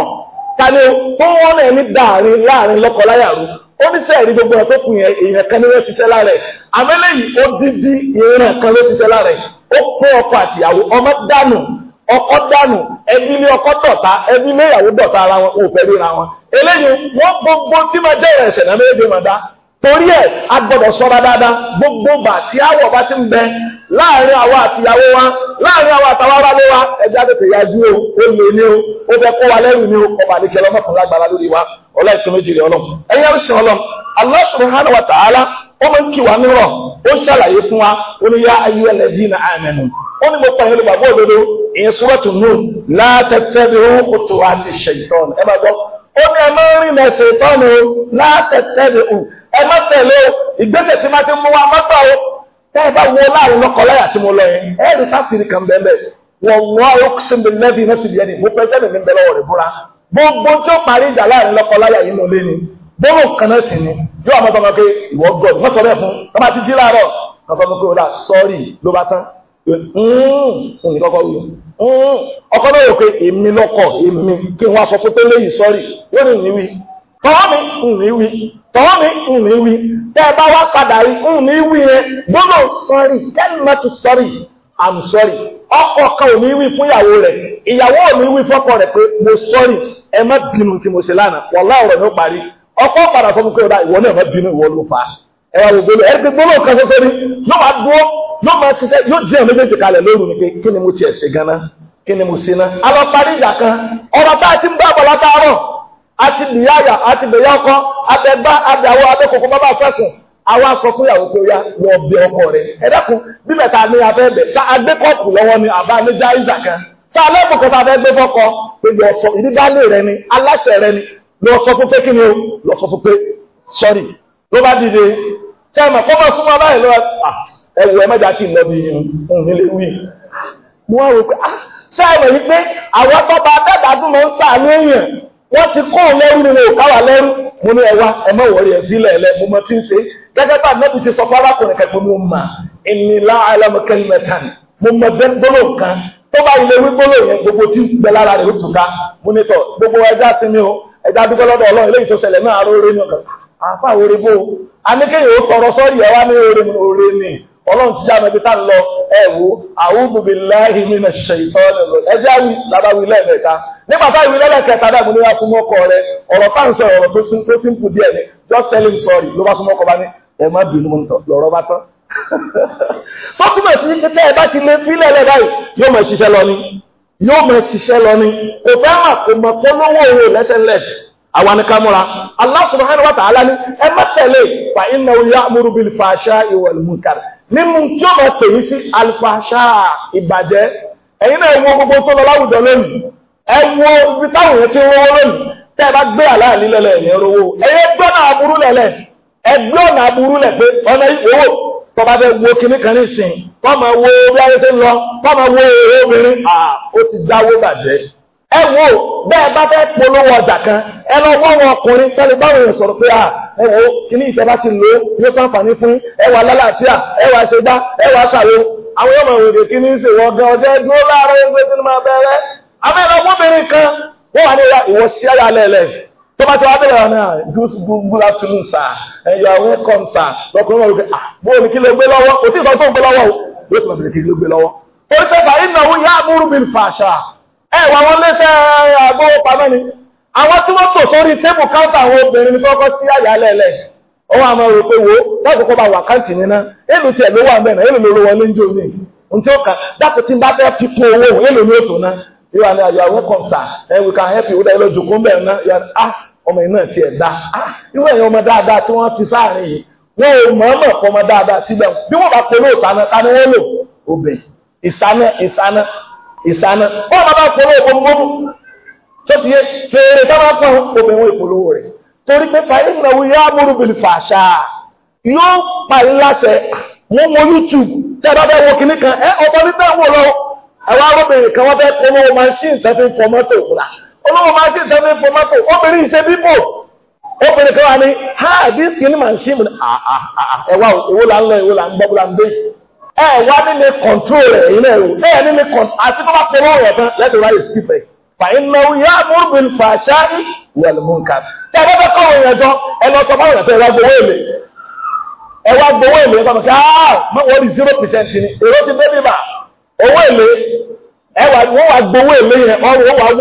tani tó wọ́n náà ní dàárín láàrin lọ́kọ̀láyà rú ó ní sẹ́ẹ̀rí gbogbo ẹ̀ tó kù yẹn èèyàn kan ní wọ́n ṣiṣẹ́ lára ẹ̀ àmẹ́lẹ́yìn ó dídí ìran kan ló ṣiṣẹ́ lára ẹ̀ ó pé ọkọ àtìyàwó ọmọ dànù ọkọ dànù ẹbí ilé ọkọ dọ̀tá ẹbí ilé ìyàwó dọ̀tá ara wọn òfẹ́ ríra wọn eléyìí wọ́n gbogbo tí máa jẹ́ ẹ̀ṣẹ̀ náà méjèèjì máa dá torí e a gbọ́dọ̀ dáadáa gbogbo bà tí àwọ̀ bá ti ń bẹ láàrin àwa àtìyàwó wa láàrin àwa àtàwọn wa ẹja tètè yájú o ní o ó fẹ́ kó wa o ọba lórí wa ọlọ́ọ̀kan méjì rẹ̀ ọlọ́run ẹ̀yẹ́ ń sìn ọlọ wa ta'ala ó máa ń kí wa nírọ̀ ó ṣàlàyé fún wa ó ní yá ayé ẹlẹ́dínà àmẹ́nu ó ní mo pa òdodo ìyẹn nù ó kò tó ẹ ẹ má tẹ̀lé o ìgbésẹ̀ tí má ti mú wa má gbà o tẹ́ ẹ bá wo láàrin lọ́kọ̀ láyà tí mo lọ yẹn ẹ rí sásìrì kan bẹ́ẹ̀ wọ́n wọ́n ọkùnrin mi lẹ́bi iná ti di ẹni mo fẹ́ sẹ́ni mi bẹ̀rẹ̀ ọ̀rẹ́ búra gbogbo tí ó parí ìjà láàrin lọ́kọ̀ láyà yìí lọ́lé ni bọ́lọ̀ kan náà sì ni yóò àmọ́ tọmọ pé ìwọ gọ̀ wọ́n sọ bẹ́ẹ̀ fún tọ́ba ti jí láàárọ̀ tọ́ba mú pé ó dà ló bá tán ọkọ náà rò pé èmi lọ́kọ̀ èmi kí wọ́n aṣọ fún tó léyìí sọ́ọ̀rì wọ́n ní ìwí tọ́wọ́ mi ìwí tọ́wọ́ mi ń ní wí tẹ́ ẹ bá wá padà rí ń ní wí yẹn gbọ́dọ̀ sọ́rí kẹ́lìmọ́tò sọ́rí I'm sorry ọkọ kan ò ní wí fún ìyàwó rẹ̀ ìyàwó ò ní wí fọ́kọ rẹ̀ pé mo sọ́rí ẹ má bínú tí mo ṣe lánàá wọ́n láwùrọ̀ ní ó parí ọkọ padà sọ fún pé ọ̀dà ìwọ náà má bínú ìwọ ló fa ẹ wá gbogbo ẹ ti gbọ́dọ̀ kan ṣoṣo rí yóò máa dúró yóò máa ṣiṣẹ́ yóò àti bìyàyà àti bìyàkọ àtẹgbá àdàwọ abẹkọkọ bàbá fẹsùn àwọn aṣọ fún ìyàwó tó yá lọ bí ọkọ rẹ ẹdẹkùn bí mẹ́ta ní abẹ́ẹ̀bẹ̀ ṣá agbẹ́kọ̀pù lọ́wọ́ ni àbá níjà ìjà kan ṣá alẹ́bùkọ́ tá a fẹ́ gbé fọ́kọ pé lọ sọ ìdíbálẹ̀ rẹ ni aláṣẹ rẹ ni lọ sọ fún pé kí ni o lọ sọ fún pé sọrí ló bá dìde ṣé ẹ mọ̀ kó bá súnmọ́ báyìí lọ ah, ẹ wù ẹ mẹ́ta tí ì lọ bí ìhùn nílé wí mo wá rò pé ah, ṣé ẹ wọ́n ti kọ́ lẹ́rú nínú òkáwà lẹ́rú mo ní ẹwà ẹmọ ìwọ̀rí ẹ̀ sílẹ̀ ẹ̀lẹ́ mo mọ tí ń ṣe gẹ́gẹ́ bá nọ́bì ṣe sọ fún arákùnrin kẹ́kọ̀ọ́ mo mà ìnìlá alámọ̀kẹ́lìmẹ̀tàn mo kan tó bá ilé wí gbóló yẹn gbogbo tí ń bẹ lára rẹ̀ ó tù ká mo ní tọ̀ gbogbo ẹja sinmi o ẹja dúpẹ́ ni ọlọ́run ti yára ibi tá ń lọ ẹ wo a'udhu billahi minash shaitani ẹ jẹ́ àwì làbáwí lẹ́ẹ̀mẹ́ta nígbà táwọn ìwé lẹ́lẹ́kẹta dàgbò ní wá súnmọ́ ọkọ rẹ ọ̀rọ̀ tá ń sọ ọ̀rọ̀ tó simple díẹ̀ ni just tell him sorry ló bá súnmọ́ ọkọ bá ní ẹ má bínú lọ́rọ̀ bá tán. tó túmọ̀ sí títẹ́ ẹ bá ti lé fílẹ̀ lẹ́ báyìí yóò mọ̀ ṣiṣẹ́ lọ ni yóò mọ̀ ni ẹ má tẹ̀lé fa innahu ya'muru bil fahsha'i wal munkar mímú tí ó máa pè ní sí alifasha ìbàjẹ́ ẹ̀yin náà wo gbogbo tó lọ láwùjọ lónìí ẹ wo ibi táwọn èèyàn ti rówó lónìí tẹ́ ẹ bá gbé àláàlí lẹ́lẹ̀ ẹ̀yẹ rówó ẹ̀yẹ gbọ́nà aburú lẹ́lẹ̀ ẹ gbọ́nà aburú lẹ̀ pé ọ̀nà ìwòwò tó bá fẹ́ wo kinní kan nísìnyí kọ́ máa wo bí ayé ṣe ń lọ kọ́ máa wo èrè obìnrin ó ti dáwó bàjẹ́ ẹ wo bẹ́ẹ̀ bá fẹ́ polówó ọjà kan ẹ lọ wọ́n wọn ọkùnrin tẹ́lẹ̀ báwọn èèyàn sọ̀rọ̀ pé à ẹ wo kíní ìfẹ́ bá ti lò ó yóò sàǹfààní fún ẹ wà lálàáfíà ẹ wà ṣe dá ẹ wà ṣàwò àwọn yóò máa wèrè kíní ṣe wọ́n gan ọjọ́ dúró láàárọ̀ ẹgbẹ́ tó máa bẹ̀rẹ̀ àmọ́ ẹ̀rọ ọmọbìnrin kan wọ́n wà ní ìwọ ṣíṣẹ́ yà lẹ́lẹ̀ tó bá ti wá bẹ̀rẹ̀ wọn náà good good afternoon sir ẹ̀yà welcome sir lọkùnrin wọn rò pé ah bó o ní kí ló gbé o yóò tún bá ẹ̀wà wọn lẹ́sẹ̀ àgbó pamẹ́ ni àwọn tí wọ́n tò sórí tébù káńtà àwọn obìnrin ní kọ́kọ́ sí àyálẹ̀lẹ̀ ọwọ́ àmọ́ rò pé wo láti kọ́ bá wàkáǹtì níná èlò tiẹ̀ ló wà èlò ló wọlé ń ní ohun tí ó kà tí bá fẹ́ fi kún owó èlò ní òtò náà ah, ah, wọ́n wọn ò mọ̀ọ́mọ̀ fọmọ dáadáa síbẹ̀ bí wọ́n ìsáná wọ́n bá bá polówó gbogbo tó ti yé fèrè dábàá fún obìnrin ìpolówó rẹ̀ torí pé fàyè ìrìnà wí yá múrù bìlì fàṣà yóò parí láṣẹ mú mú YouTube tẹ́ bá bẹ́ kìíní kan ẹ ní bẹ́ẹ̀ lọ kan wọ́n olówó obìnrin ìṣe bíbò obìnrin kan wà ní ha ah, ah, ah, ń ẹ wá nílé kọ̀ǹtró rẹ̀ ilé ẹ̀rọ ẹ nílé kọ̀ǹtró àti tó bá pọ̀lọ́ rẹ̀ tán lẹ́tọ̀ ráyè sí fẹ̀. fàyínà òyà múrùbìn fàṣà wẹ̀lmùnkà tẹ ẹ bá kọ́ òyìn ẹjọ́ ẹ lọ sọ fún ọ̀rẹ́ ẹ wá gbowó èlé ẹ wá gbowó èlé ẹgbẹ́ kí áà ah, má wọ́n di zero percent ni èrò ti débi mà owó èlé ẹ wá wọ́n wá gbowó èlé yẹn ọ̀rọ̀ wọ́n wá wò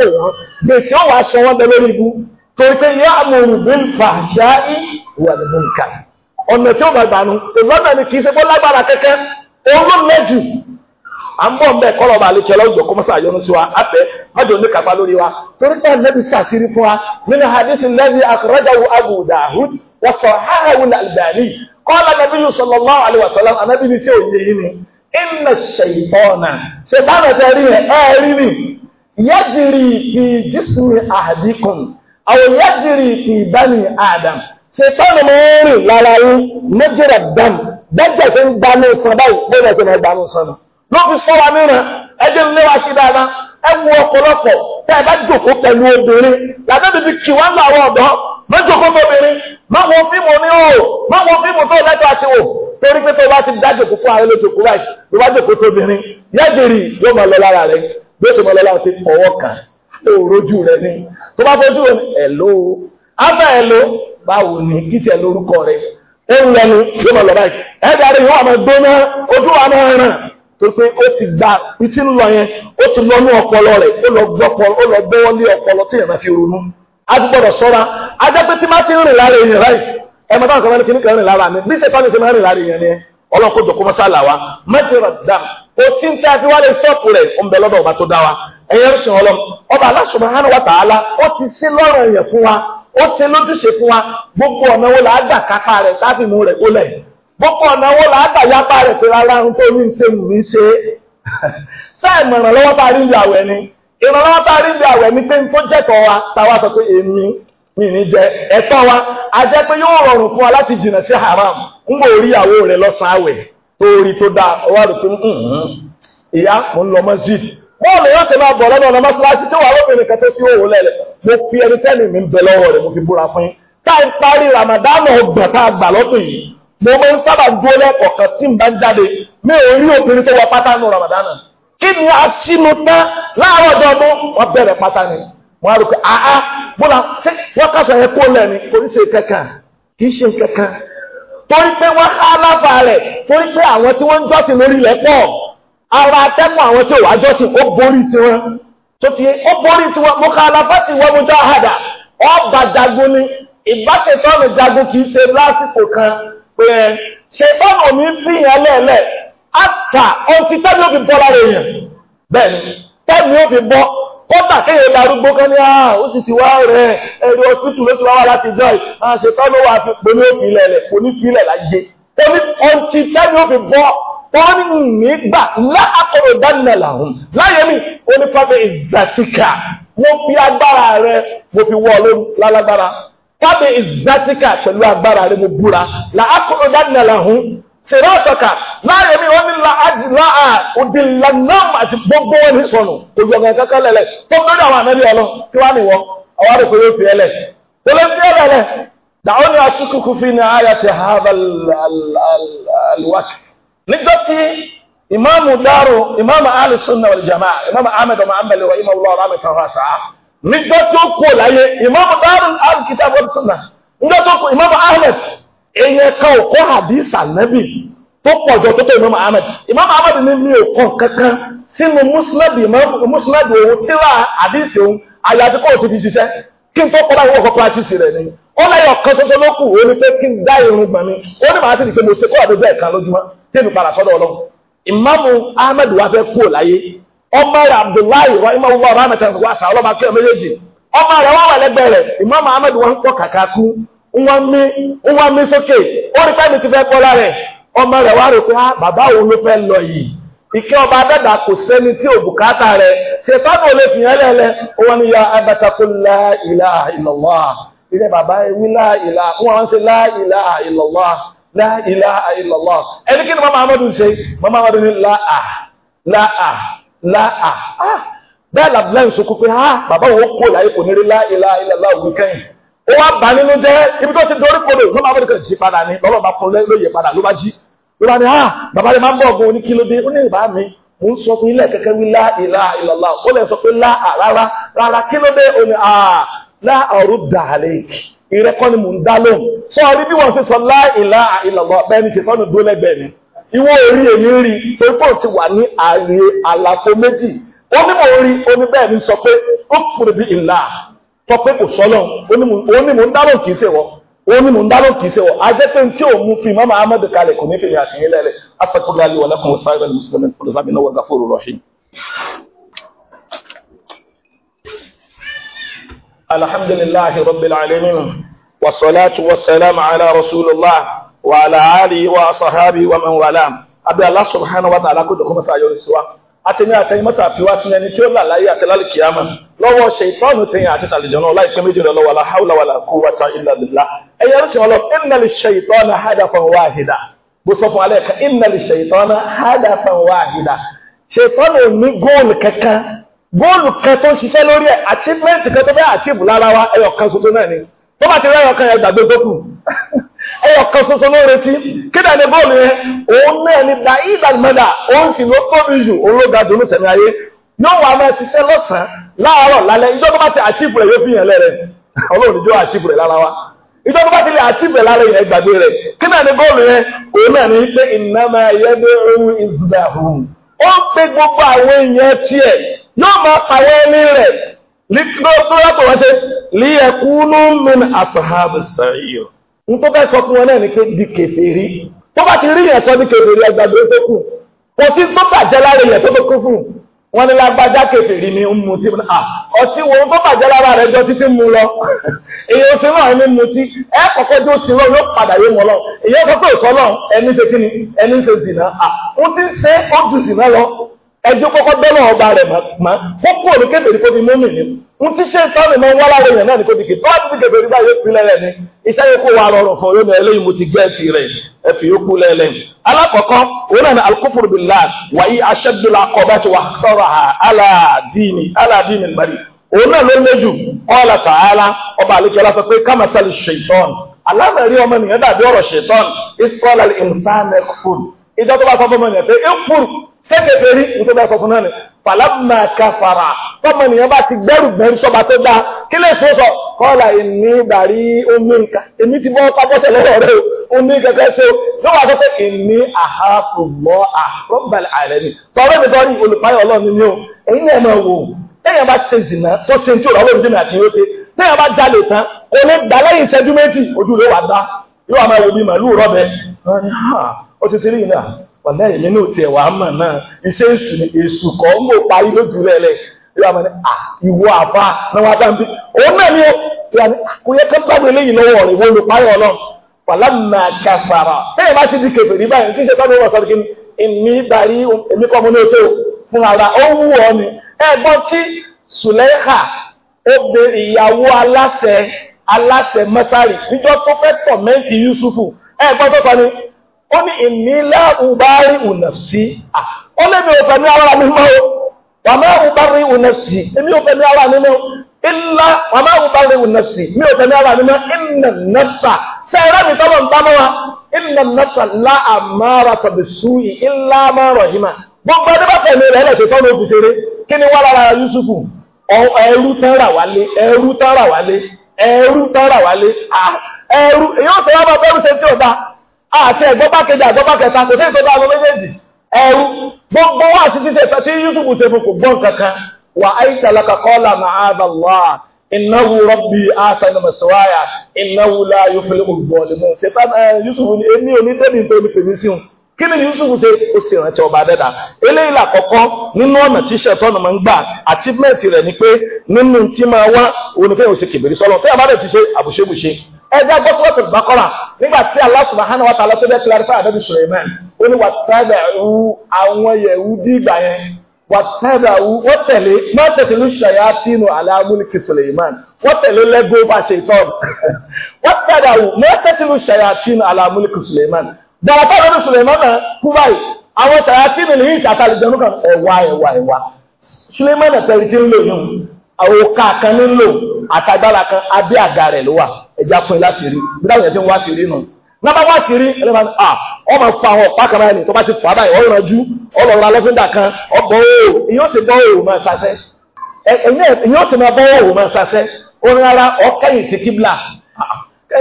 wọ́n gbèsè ọ̀ olómẹ́jù à ń bọ̀ mbẹ́ kọ́lọ̀ ọba àlejò ọlọ́jọ́ kọ́mọ́sá àyọnu sí wa abẹ́ májò ní kápá lórí wa torí pé ẹnẹ́bí sàṣírí fún wa nínú hadithi lẹ́yìn akọ̀rọ̀dàwù Abu Dawud wọ́n sọ háhàwù Al-Albani kọ́lá nàbí yìí sallallahu alaihi wasallam anábì ní tí ò yé yín ni inna shaytana ṣètọ́nà tẹ́ rí ẹ̀ ẹ́ rí ni yajiri fi jismi ahadikum aw yajiri fi bani Adam ṣètọ́nà mọ́ rìn lára yín bẹ́jẹ̀ sí ń gba ní ìsan báyìí bẹ́ẹ̀ sí ń gba ní ìsan náà ló fi fọ́ wa mìíràn ẹjẹ́ ń lé wa sí dáadáa ẹ wo ọ̀pọ̀lọpọ̀ tẹ́ ẹ bá jòkó pẹ̀lú obìnrin làtẹ́bí fi kì wọ́n lọ àwọn ọ̀dọ́ má jòkó tóbìnrin má wo fíìmù oníhòòhò má wo fíìmù tó lẹ́tọ̀ àti wò torí pé tó bá ti dá jòkó fún ààrẹ lójòkó láì ló bá jòkó tóbìnrin yẹ́jìrì yóò máa lọ lára rẹ̀ bí ó sì máa lọ lára pé ọwọ́ kan ó rojú rẹ̀ ni tó bá fojú ń lẹnu tí ó mọ̀ lọ́ba yìí ẹ̀ẹ́dàrí yóò àmọ́ gbóná ojú àmọ́ ẹran tó pé ó ti gba ìtí ń lọ yẹn ó ti lọ́nú ọpọlọ rẹ̀ ó lọ gbọ́pọ̀ ọpọlọ tí èèyàn fi ronú a gbọ́dọ̀ sọ́ra a jẹ́ pé tí má ti ń rìn lára èèyàn ráì ẹ̀mọ táwọn kan máa ní kíní kan rìn lára mi bí ṣe tọ́ni ṣe máa rìn lára èèyàn ni ọlọ́kó jòkó mọ́ sálà wa mẹ́tìrọ̀ dàm kò sí ní tí wá lè sọ́ọ̀pù rẹ̀ ó ń bẹ lọ́dọ̀ ọba tó dá wa ẹ̀yẹ́ ń sìn ó ṣe lójúṣe fún wa gbogbo ọ̀nà wo làá kápá rẹ̀ tábìmù rẹ̀ kólẹ̀ gbogbo ọ̀nà wo làá yápá rẹ̀ pé rárá ohun tó ní ń ṣe ní ṣe sáà ìmọ̀ràn lọ́wọ́ bá rí ìyá àwẹ̀ ni ìrànlọ́wọ́ bá rí ìyá àwẹ̀ ni pé tó jẹ́tọ̀ wa táwa sọ pé èmi mi ní jẹ ẹ̀tọ́ wa a jẹ́ pé yóò rọrùn fún wa láti jìnnà sí haram ń bò rí ìyàwó rẹ̀ lọ́sàn-án àwẹ̀ tó rí tó dáa mm-hmm, bọ́ọ̀lù yóò ṣe máa bọ̀ lọ́nà ọ̀nà mọ́ṣáláṣí tí wà lóbìnrin kan tó sí òwò lẹ́lẹ̀ mo fi ẹni tẹ́lì mi bẹ̀ lọ́wọ́ rẹ̀ mo fi búra fún yín tá à ń parí ramadana ọgbọ̀n tá a gbà lọ́dún yìí mo máa ń sábà dúró lẹ́kọ̀ọ̀kan tí n bá ń jáde mi ò rí obìnrin tó wọ pátá nù ramadana kí ni a sínú tán láàárọ̀ ọjọ́ mú wọ́n bẹ̀rẹ̀ pátá ni wọ́n á rò pé àá bọ́lá ṣé wọ́n kásọ̀ yẹn kó lẹ́ni torí pé àwọn tí wọ́n ń jọ́sìn lórí ilẹ̀ pọ̀ ara atẹ́mú àwọn tí ó wà jọ́sìn ó borí tiwọn tó ti ó borí aláfẹ́sì wọ́n mu já àdá ọba jagun ni ìbáṣetọ́nù jagun kì í ṣe lásìkò kan pé ṣe mi fi lẹ́ẹ̀lẹ́ àtà tẹ́mi ó fi bọ́ lára èèyàn bẹ́ẹ̀ ni tẹ́mi ah, ah, ó fi bọ́ kọ́tà darúgbó kan ní àá ó sì wá rẹ̀ ẹ̀rọ ọ̀sùtù ló wá láti àṣetọ́nù wà pẹ̀lú wọ́n ní nígbà láàkọ̀rọ̀ dánilẹ̀lá hùn láyé mi onífàbẹ̀ ìzàtìkà mo fi agbára rẹ mo fi wọ́ ló lálágbára fàbẹ̀ ìzàtìkà pẹ̀lú agbára rẹ mo búra láàkọ̀rọ̀ dánilẹ̀lá hùn ṣèrè ọ̀tọ̀kà láyé mi wọ́n ní láà òdìlànàm àti gbogbo wọn ní sọnù òjòkàn kankan lẹ̀lẹ̀ tó ń lọ́dọ̀ àwọn ànábì ọlọ́ kí wá níjọ́ tí ìmáàmù dárò ìmáàmù alìsúnà ìjàmà ìmáàmù ahmed ọmọ ahmed wa ìmọ̀ ọlọ́run ahmed ọ̀rọ̀ àṣà níjọ́ tó kú láyé ìmáàmù dárò alìkítà bọ́dúsúnà níjọ́ tó kú ìmáàmù ahmed èèyàn kan ò kọ́ hadisa nabi tó pọ̀ jọ tó tó ìmáàmù ahmed ìmáàmù ahmed ní mi ò kọ́ kankan sínú musnad ìmáàmù musnad òun tíra hadisi òun àyàtúkọ̀ òtún ti ṣiṣẹ́ kí n tó kọ́ báyìí wọ́n kọ́ practice rẹ̀ ni ó lẹ́yìn ọ̀kan ṣoṣo ló kù ó ní pé kí n dá irun gbọ̀n mi ó ní màá sì ní pé mo ṣe kọ́ àdójú ẹ̀ka lójúmọ́ tẹ́mi padà sọ́dọ̀ ọlọ́run ìmáàmù ahmed wa fẹ́ kú láyé ọmọ rẹ̀ abdullahi wa imáàmù wa rahmat wa sa ọlọ́ba kí ọmọ méjèèjì ọmọ rẹ̀ wà wà lẹ́gbẹ̀ẹ́ rẹ̀ ìmáàmù ahmed wa ń pọ̀ kàkà kú wọ́n mí sókè wá rò ah, ìkẹ́ ọba dàda kò sẹ́ni tí ò bùkátà rẹ̀ ṣètọ́nù olè fi hàn lẹ́lẹ́ wọn ni ya abatakula ilá ìlọ́wọ́ ilé bàbá wílá ìlà wọn wọn ṣe lá ìlà ìlọ́wọ́ lá ìlà ìlọ́wọ́ ẹni kí ni mama amadu ṣe mama amadu ni láà láà láà bẹ́ẹ̀ làbúlẹ̀ ń sunkún pé ah! bàbá òun kò láyé kò ní rí lá òun kẹ́yìn ó wá bà nínú jẹ́ ibi tó ti dorí kodò ló máa bẹ̀rẹ̀ kẹ́ ló bá ní ah bàbá rẹ̀ máa ń bọ̀ ọ̀gbọ̀n ní kílódé ó ní ìbá mi mo ń sọ fún ilé kẹ̀kẹ́ wí lá ìlà ìlàlá ó lè sọ pé lá ah, rárá rárá kílódé ó ní ah lá ọ̀rú dàlẹ́ ìrẹ́kọ́ ni mò ń dá lóhùn sọ ọ ní bí wọ́n ṣe sọ lá ìlà ìlàlá bẹ́ẹ̀ ni ṣe sọ́nù dúró lẹ́gbẹ̀ẹ́ mi ìwọ orí èmi rí torí pé ó ti wà ní ààyè àlàfo méjì ó ní mò rí ó bẹ́ẹ̀ ni sọ pé ó kúrò bí ìlà sọ pé kò sọ́lọ́ ó ní mò ń dárò kìí ṣe ọ ajẹ́pẹ́ tí ò mú fi mọ́mọ́ ahmed kalẹ̀ kò ní fèrè àtìyẹn lẹ́lẹ̀ asàkúndàlì wọlé kan sáré ní mùsùlùmí olùsàmì náà wọ́gá fòrò rọ̀ṣìn. alhamdulillahi rabbil alamin wasalaatu wasalaamu ala rasulillah wa ala alihi wa sahabi wa man wala abi allah subhanahu wa ta'ala kó dọ̀kọ́ masa ayọ̀ ìṣúwa àtẹ̀yìn àtẹ̀yìn masa àfiwá sí ẹni tí ó là láyé àtẹ̀lálì kìámà lọ́wọ́ ṣètọ́nù tẹ̀yìn àti tàlejòna láìpẹ́ méjì lọ lọ́wọ́ aláhàwùláwàlá kó wáta ilà lùlá ẹ̀yẹ ló ṣe wọn lọ ìnàlì ṣètọ́nù hádàfàn wáhìdà bó sọ fún alẹ́ kan ìnàlì ṣètọ́nù hádàfàn wáhìdà ṣètọ́nù ní góòlù kankan góòlù kan tó ń ṣiṣẹ́ lórí ẹ̀ àtìmẹ́ǹtì kan tó fẹ́ àtìmù lára wa ẹyọ kan ṣoṣo náà ni tó bá ti rẹ́ ẹyọ kan yẹn gbàgbé tó kù ẹyọ kan ṣoṣo ló retí kídà ni bóòlù yẹn òun náà ni dàí ìdàgbàdà òun sì ló tóbi jù òun ló ga jù sẹ̀mí ayé yóò wà máa ṣiṣẹ́ lọ́sàn-án láàárọ̀ lálẹ́ ìjọ tó bá ti àchífù rẹ̀ yóò fi hàn lẹ́rẹ̀ ọlọ́run ìjọ àchífù rẹ̀ lára wa ìjọ tó bá ti lè àchífù rẹ̀ lára yẹn gbàgbé rẹ̀ kí náà ni góòlù yẹn òun náà ní pé ìnáma ẹ̀yẹ́dẹ́ ohun ìzìlẹ̀ ọ̀hún ó ń pe gbogbo àwọn èèyàn tiẹ̀ yóò máa pàwọ́ ẹni rẹ̀ lọ́pọ̀ wọ́n ṣe líẹ̀kúnú min asahabu sa'ir n tó fẹ́ sọ fún wọn náà ni pé di kèfèrí tó bá ti rí yẹn sọ ní kèfèrí ẹgbàgbé tó kù kò sí tó bàjẹ́ lára yẹn tó tó kú fún wọ́n ní lágbájá kèfèrí ni ń mutí à ọtí wo tó bàjẹ́ lára rẹ̀ jọ títí mu lọ èyí ó sì náà ní mutí ẹ kọ̀kọ́ tí ó sì lọ́wọ́ ló padà yé wọn lọ èyí ó sọ pé òsọ́ náà ẹni ṣe kí ni ẹni ṣe zìnà à ń ti ṣe ó ju zìnà lọ ẹjọ́ kọ́kọ́ bẹ́ẹ̀ náà ọba rẹ̀ mọ́ kó kú òní kèfèrí kó fi mú mi nínú ń tí ṣe ń tán lè mọ wá lára èèyàn náà ní kó di kìtọ́ àti ní kẹfẹ́ nígbà yóò fi lẹ́rẹ̀ ni iṣẹ́ yóò kó wa rọrùn fún yóò ní ẹlẹ́yìn mo ti gbé ẹ̀ tirẹ̀ ẹ fi yóò kú lẹ́lẹ́ alákọ̀ọ́kọ́ òun náà ni alukófòrò bí láà wàyí aṣẹ́dúlá kọ́bá wà sọ̀rọ̀ aláàdínì aláàdínì mẹ́rin òun náà ló ń léjù kọ́ọ̀lá tààlà ọba àlejò aláṣọ pé kámasálì ṣètọ́n fàlámà káfàrà tọ́mọ ènìyàn bá ti gbẹ́rù gbẹ́rù sọ́ba tó dáa kí lè so sọ kọ́ọ̀là ìní ìbàrí omi nǹkan èmi ti bọ́ pápọ́tẹ̀ lọ́wọ́ rẹ o ní kẹ̀kẹ́ so ló wà sọ pé ìní àhàfùmọ́ àrọ́bàlẹ̀ ààrẹ ni sọ̀rọ̀ mi tọ́rí olùpáyọ̀ ọlọ́run ni o èyí náà máa wò téèyàn bá ṣe zìnà tó ṣe tí òrọ̀ olóòdì àti yóò ṣe téèyàn bá jalè tán kò ní gbà lẹ́yìn ìṣẹ́jú méjì ojú ló wà dá yóò máa wò bí màálù rọ́bẹ ó ti ti rí ìlà ọ̀nà èmi náà tiẹ̀ wàá mọ̀ náà iṣẹ́ èṣù ni èṣù kọ́ ń bò parí lójú rẹ̀ lẹ̀ yóò máa ní à ah, ìwọ àfa náà wàá bá ń bí òun náà ni ó yóò ní ah, kò yẹ ká gbàgbé lẹ́yìn lọ́wọ́ rẹ̀ wọ́n lè parí ọ̀nà wàlámà kàfàrà bẹ́ẹ̀ bá ti di kẹfìrí báyìí kí ṣe bá mi wọ̀ sọ́dọ̀ kí ni èmi darí èmi kọ́ mo ní oṣù fún ara ó wù ọ́ ni ẹ̀gbọ́n tí sùlẹ́kà obìnrin ìyàwó aláṣẹ aláṣẹ mọ́sárì níjọ́ tó ó ní ìnílá ubárí ùnàfsí ó lébi òfẹ̀mí ara mi mọ́ o wà má ubárí ùnàfsí èmi òfẹ̀mí ara mi mọ́ ilá wà má ubárí ùnàfsí mi òfẹ̀mí ara mi mọ́ ìnà nẹ́fsà sẹ́ẹ̀rẹ́ mi tọ́lọ̀ ń bá mọ́ wa ìnà nẹ́fsà lá àmàrà tàbí súyì ilá máa rọ̀ yìí mà gbogbo ẹni bá fẹ̀mí rẹ̀ lẹ́sẹ̀ tọ́lọ̀ òkú ṣeré kí ni wà lára Yusufu ẹrú tán wálé ẹrú tán wálé ẹrú tán wálé ẹrú èyí sọ wá máa bẹ́rù ṣe tí ò dáa àti ẹ̀gbọ́n bá kejì àgbọ́n bá kẹta kò sí ìtọ́jú àwọn méjèèjì ẹ̀rú gbogbo wà sí ṣíṣe ìfẹ́ tí Yusuf ṣe fún kò gbọ́n kankan wà áyíṣà lọ́kà kọ́lá màábàlá innahu rabbi ahsana maswaya innahu la yuflihul zalimun ṣe tá Yusuf ní èmi ò ní tẹ́lẹ̀ tó ní pèmí sí kí ni Yusuf ṣe ó sì rántí ọba dẹ́dà eléyìí làkọ́kọ́ nínú ọ̀nà tí ṣẹ̀tọ́nù máa ń gbà achievement rẹ̀ ni pé nínú tí máa wá òun ni pé òun ṣe kìbìrì sọ́lọ́ a bá dẹ̀ ti ṣe àbùṣebùṣe ẹja gbọ́ sọ́tò bàkọ́rà nígbà tí Allah subhanahu wa ta'ala tó bẹ́ẹ̀ kílárí fún àdébí Suleiman ó ní wàtẹ́dàrú àwọn Yẹhudi ìgbà yẹn wàtẹ́dàrú wọ́n tẹ̀lé máa tẹ̀sí ní ṣayatinu ala mulki Suleiman wọ́n tẹ̀lé lẹ́gbẹ́ bá ṣe tọ́ wàtẹ́dàrú máa tẹ̀sí ní ṣayatinu ala mulki Suleiman dàrátà lórí Suleiman náà kú báyìí àwọn ṣayatinu lè yín ṣàtàlẹ́jọ́nù kan ẹ̀wà ẹ̀wà ẹ̀wà Suleiman tẹ̀lé ti ń lò yìí àwọn òkà kan ní ń lò àtàgbára kan abẹ́ àga rẹ̀ ló wà ẹja fún ẹ láti rí bí dáhùn yẹn ti ń wá sí rí nù nàbà wá sí rí ẹlẹ́fà ní à ọmọ fa àwọn ọ̀pá kan báyìí tó bá ti fà báyìí ọ̀rọ̀ ìrànjú ọ̀rọ̀ ra lọ́fíńdà kan ọ̀bọ̀ òòrùn ìyóò ti bọ́ òòrùn máa sasẹ́ ìyóò ti máa bọ́ òòrùn máa sasẹ́ orin ara ọ̀kẹ́yìn sí kíbla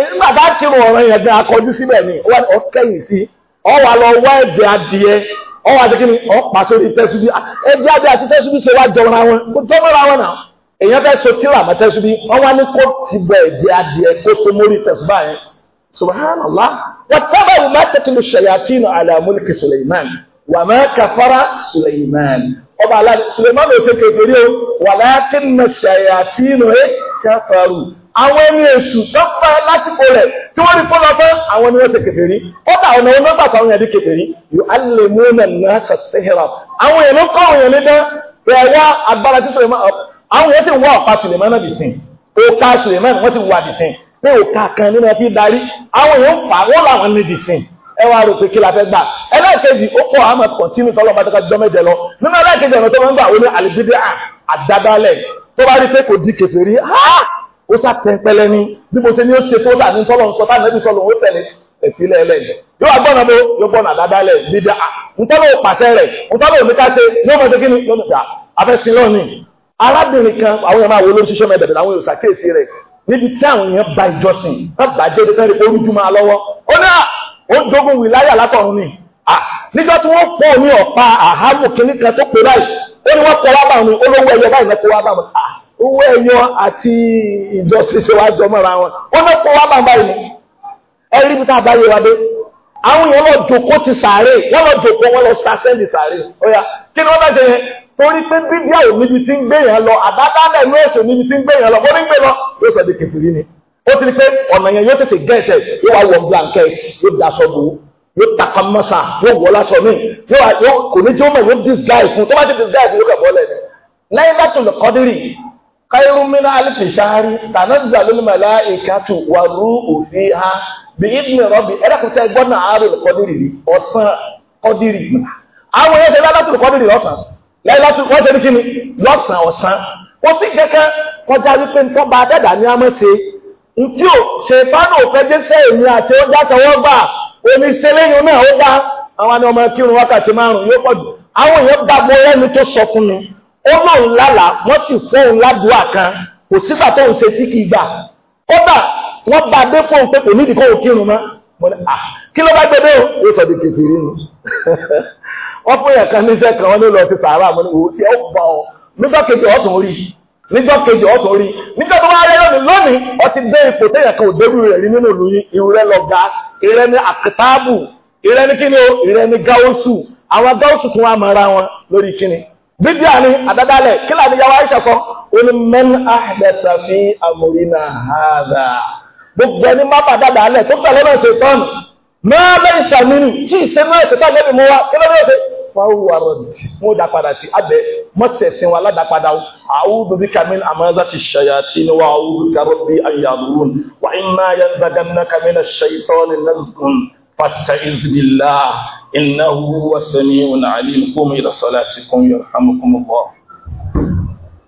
nígbà bá kírun ọ̀rọ̀ yẹn gan akọjú síbẹ̀ ni ọ̀kẹ́yìn sí ọ̀wà lọ wá ẹ̀jẹ̀ adìẹ ọ̀wà àti kí ni ọ̀pá sórí tẹ́sùbí ẹ̀jẹ̀ adìẹ àti tẹ́sùbí ṣe wá jọra wọn kò jọra wọn náà èèyàn fẹ́ so tíra àmọ́tẹ́sù bí wọ́n wá ní kó ti bẹ̀ di adìẹ kó tó mórí tẹ̀síbà yẹn subhanallah wọ́n tábà wù má tẹ̀tìlù ṣayatin ala mulki suleiman wà má kàfàrà suleiman ọba aláàdì suleiman ò ṣe kékeré o walakinna ṣayatin ẹ kafaru àwọn ẹni èṣù tó lásìkò rẹ̀ tí wọ́n rí kó lọ àwọn ni wọ́n ṣe kèfèrí kódà ọ̀nà ọ̀nà gbà sọ àwọn èèyàn di kèfèrí yu'allimuna an-nasa as-sihra àwọn èèyàn kọ́ àwọn èèyàn bẹ̀rẹ̀ agbára tí sọ̀rọ̀ àwọn yẹn sì ń wá ọ̀pá Suleiman náà dìsìn òkà Suleiman wọ́n sì ń wá dìsìn pé òkà kan nínú ẹbí darí àwọn yẹn ń fà wọ́n làwọn ní dìsìn ẹ wá rò pé kí la fẹ́ gbà ẹlẹ́ẹ̀kejì ó kọ́ àmọ́ kọ̀ntínú tọ́lọ́ bá dọ́ka jọ́ mẹ́jẹ lọ nínú ẹlẹ́ẹ̀kejì ọ̀nà tó máa ń gbà wọlé àlùbídé àdádálẹ̀ tó bá rí pé kò di Ha! ó sá tẹ́ńpẹ́lẹ́ ní bí mo ṣe ní ó ṣe tó sà ní tọ́lọ́ sọ táwọn ẹbí sọlọ́ òun tẹ̀lé ẹ̀fílẹ̀ ẹlẹ́yìn yóò wá gbọ́nà bó yóò gbọ́nà àdádálẹ̀ bídà ntọ́lọ́ pàṣẹ rẹ̀ ntọ́lọ́ òmìkà ṣe yóò mọ̀ ṣe kí ni yóò mọ̀ ṣe àfẹ́sìn ah, lọ́nìí arábìnrin kan àwọn èèyàn máa wo lórí ṣíṣẹ́ mẹ́bẹ̀rẹ̀ àwọn èèyàn ṣàkíyèsí rẹ̀ níbi tí àwọn èèyàn ba ìjọsìn wọ́n bàjẹ́ ibi tán rí pé orújú máa lọ́wọ́ ó ní ó dógún wìláyà látọ̀run ni níjọ́ tí wọ́n pọ̀ ní ọ̀pá àhámù kìíní kan tó pé báyìí ó ní wọ́n kọ́ wá bá wọn olówó ẹyọ báyìí lọ́kọ́ wá bá wọn owó ẹyọ àti ìjọsìn ṣe wá jọ mọ́ra wọn ó ní kọ́ wá bá wọn báyìí ẹ torí pé bídíà ò níbi tí ń gbé yẹn lọ àdádálẹ̀ inú ẹ̀sìn níbi tí ń gbé yẹn lọ bó ní gbé lọ yóò sọ di kẹfìrí ni ó ti rí pé ọ̀nà yẹn yóò tètè gẹ̀ẹ́tẹ̀ yóò wá wọ blanket yóò daṣọ bò yóò tàkà mọ́sà yóò wọ́ lásọ míì yóò kò ní jẹ́ ọmọ yóò disguise fún tó bá ti disguise yóò kẹ̀ bọ́lẹ̀ ni lẹ́yìn látò lè kọ́dírì káyọ̀rùmínà alìfẹ́ sáárì tànàzà lónìmọ̀lá ìkàtù wà rú òfin ha bí ibùdó rọ́bì ẹ̀dàkùnṣẹ́ gbọ́nà àárò lè kọ́dírì ọ̀sán kọ́dírì àwọn ẹ̀ṣẹ̀ látò lè kọ́dírì ọ̀sán lẹ́yìn láti wọ́n ṣe ní kí ni lọ́sàn ọ̀sán kò sí kẹ́kẹ́ kọjá wípé nǹkan bá dẹ́dà ní àmọ́ ṣe ntí ò ṣe fánà òfẹ́ jẹ́sẹ̀ èmi àti ó dátọwọ́ gbà omi ṣe lẹ́yìn náà ó wá àwọn ni ọmọ kírun wákàtí márùn yóò pọ̀ jù àwọn èèyàn gbàgbọ́ lẹ́nu tó sọ fún mi ó náà ń lálàá wọ́n sì fóun ládùúà kan kò sígbà tó ń ṣe tí kì í gbà kódà wọ́n bá dé fóun pé kò nídìí kó o kírun mọ́ ah, kí ló bá gbé o ó sọ di kékeré wọ́n fún yẹn kan níṣẹ́ kan wọ́n ló lọ sí sàárà mọ́ ní òwò tí ó bọ̀ ọ́ nígbà kejì ọ̀tún rí nígbà kejì ọ̀tún rí nígbà tó bá rẹ lónìí lónìí ó ti dé ipò téèyàn kan ò dérú rẹ̀ rí nínú ìlú ìrẹ́ lọ́gà ìrẹ́ ní àkìtáàbù ìrẹ́ ní kíni o ìrẹ́ ní gáúsù àwọn gáúsù tún wá máa ra wọn lórí kíni bíbí àní àdádálẹ̀ kí láti yàwá Àìṣà sọ ó ní man náà lẹ́yìn fáwọrọdì wọn ò dá padà sí abẹ mọ́sẹ̀sìn wa aládàpadà o àwùjọ bí kàmín àmọ́za ti ṣàyà tí ni wà àwùjọ kàrọ́ bí ayàlúwòn wà iná yẹn zaganna kàmín ṣèyítọ́ ni nàzùn فاستعذ بالله إنه هو السميع العليم قوم إلى صلاتكم يرحمكم الله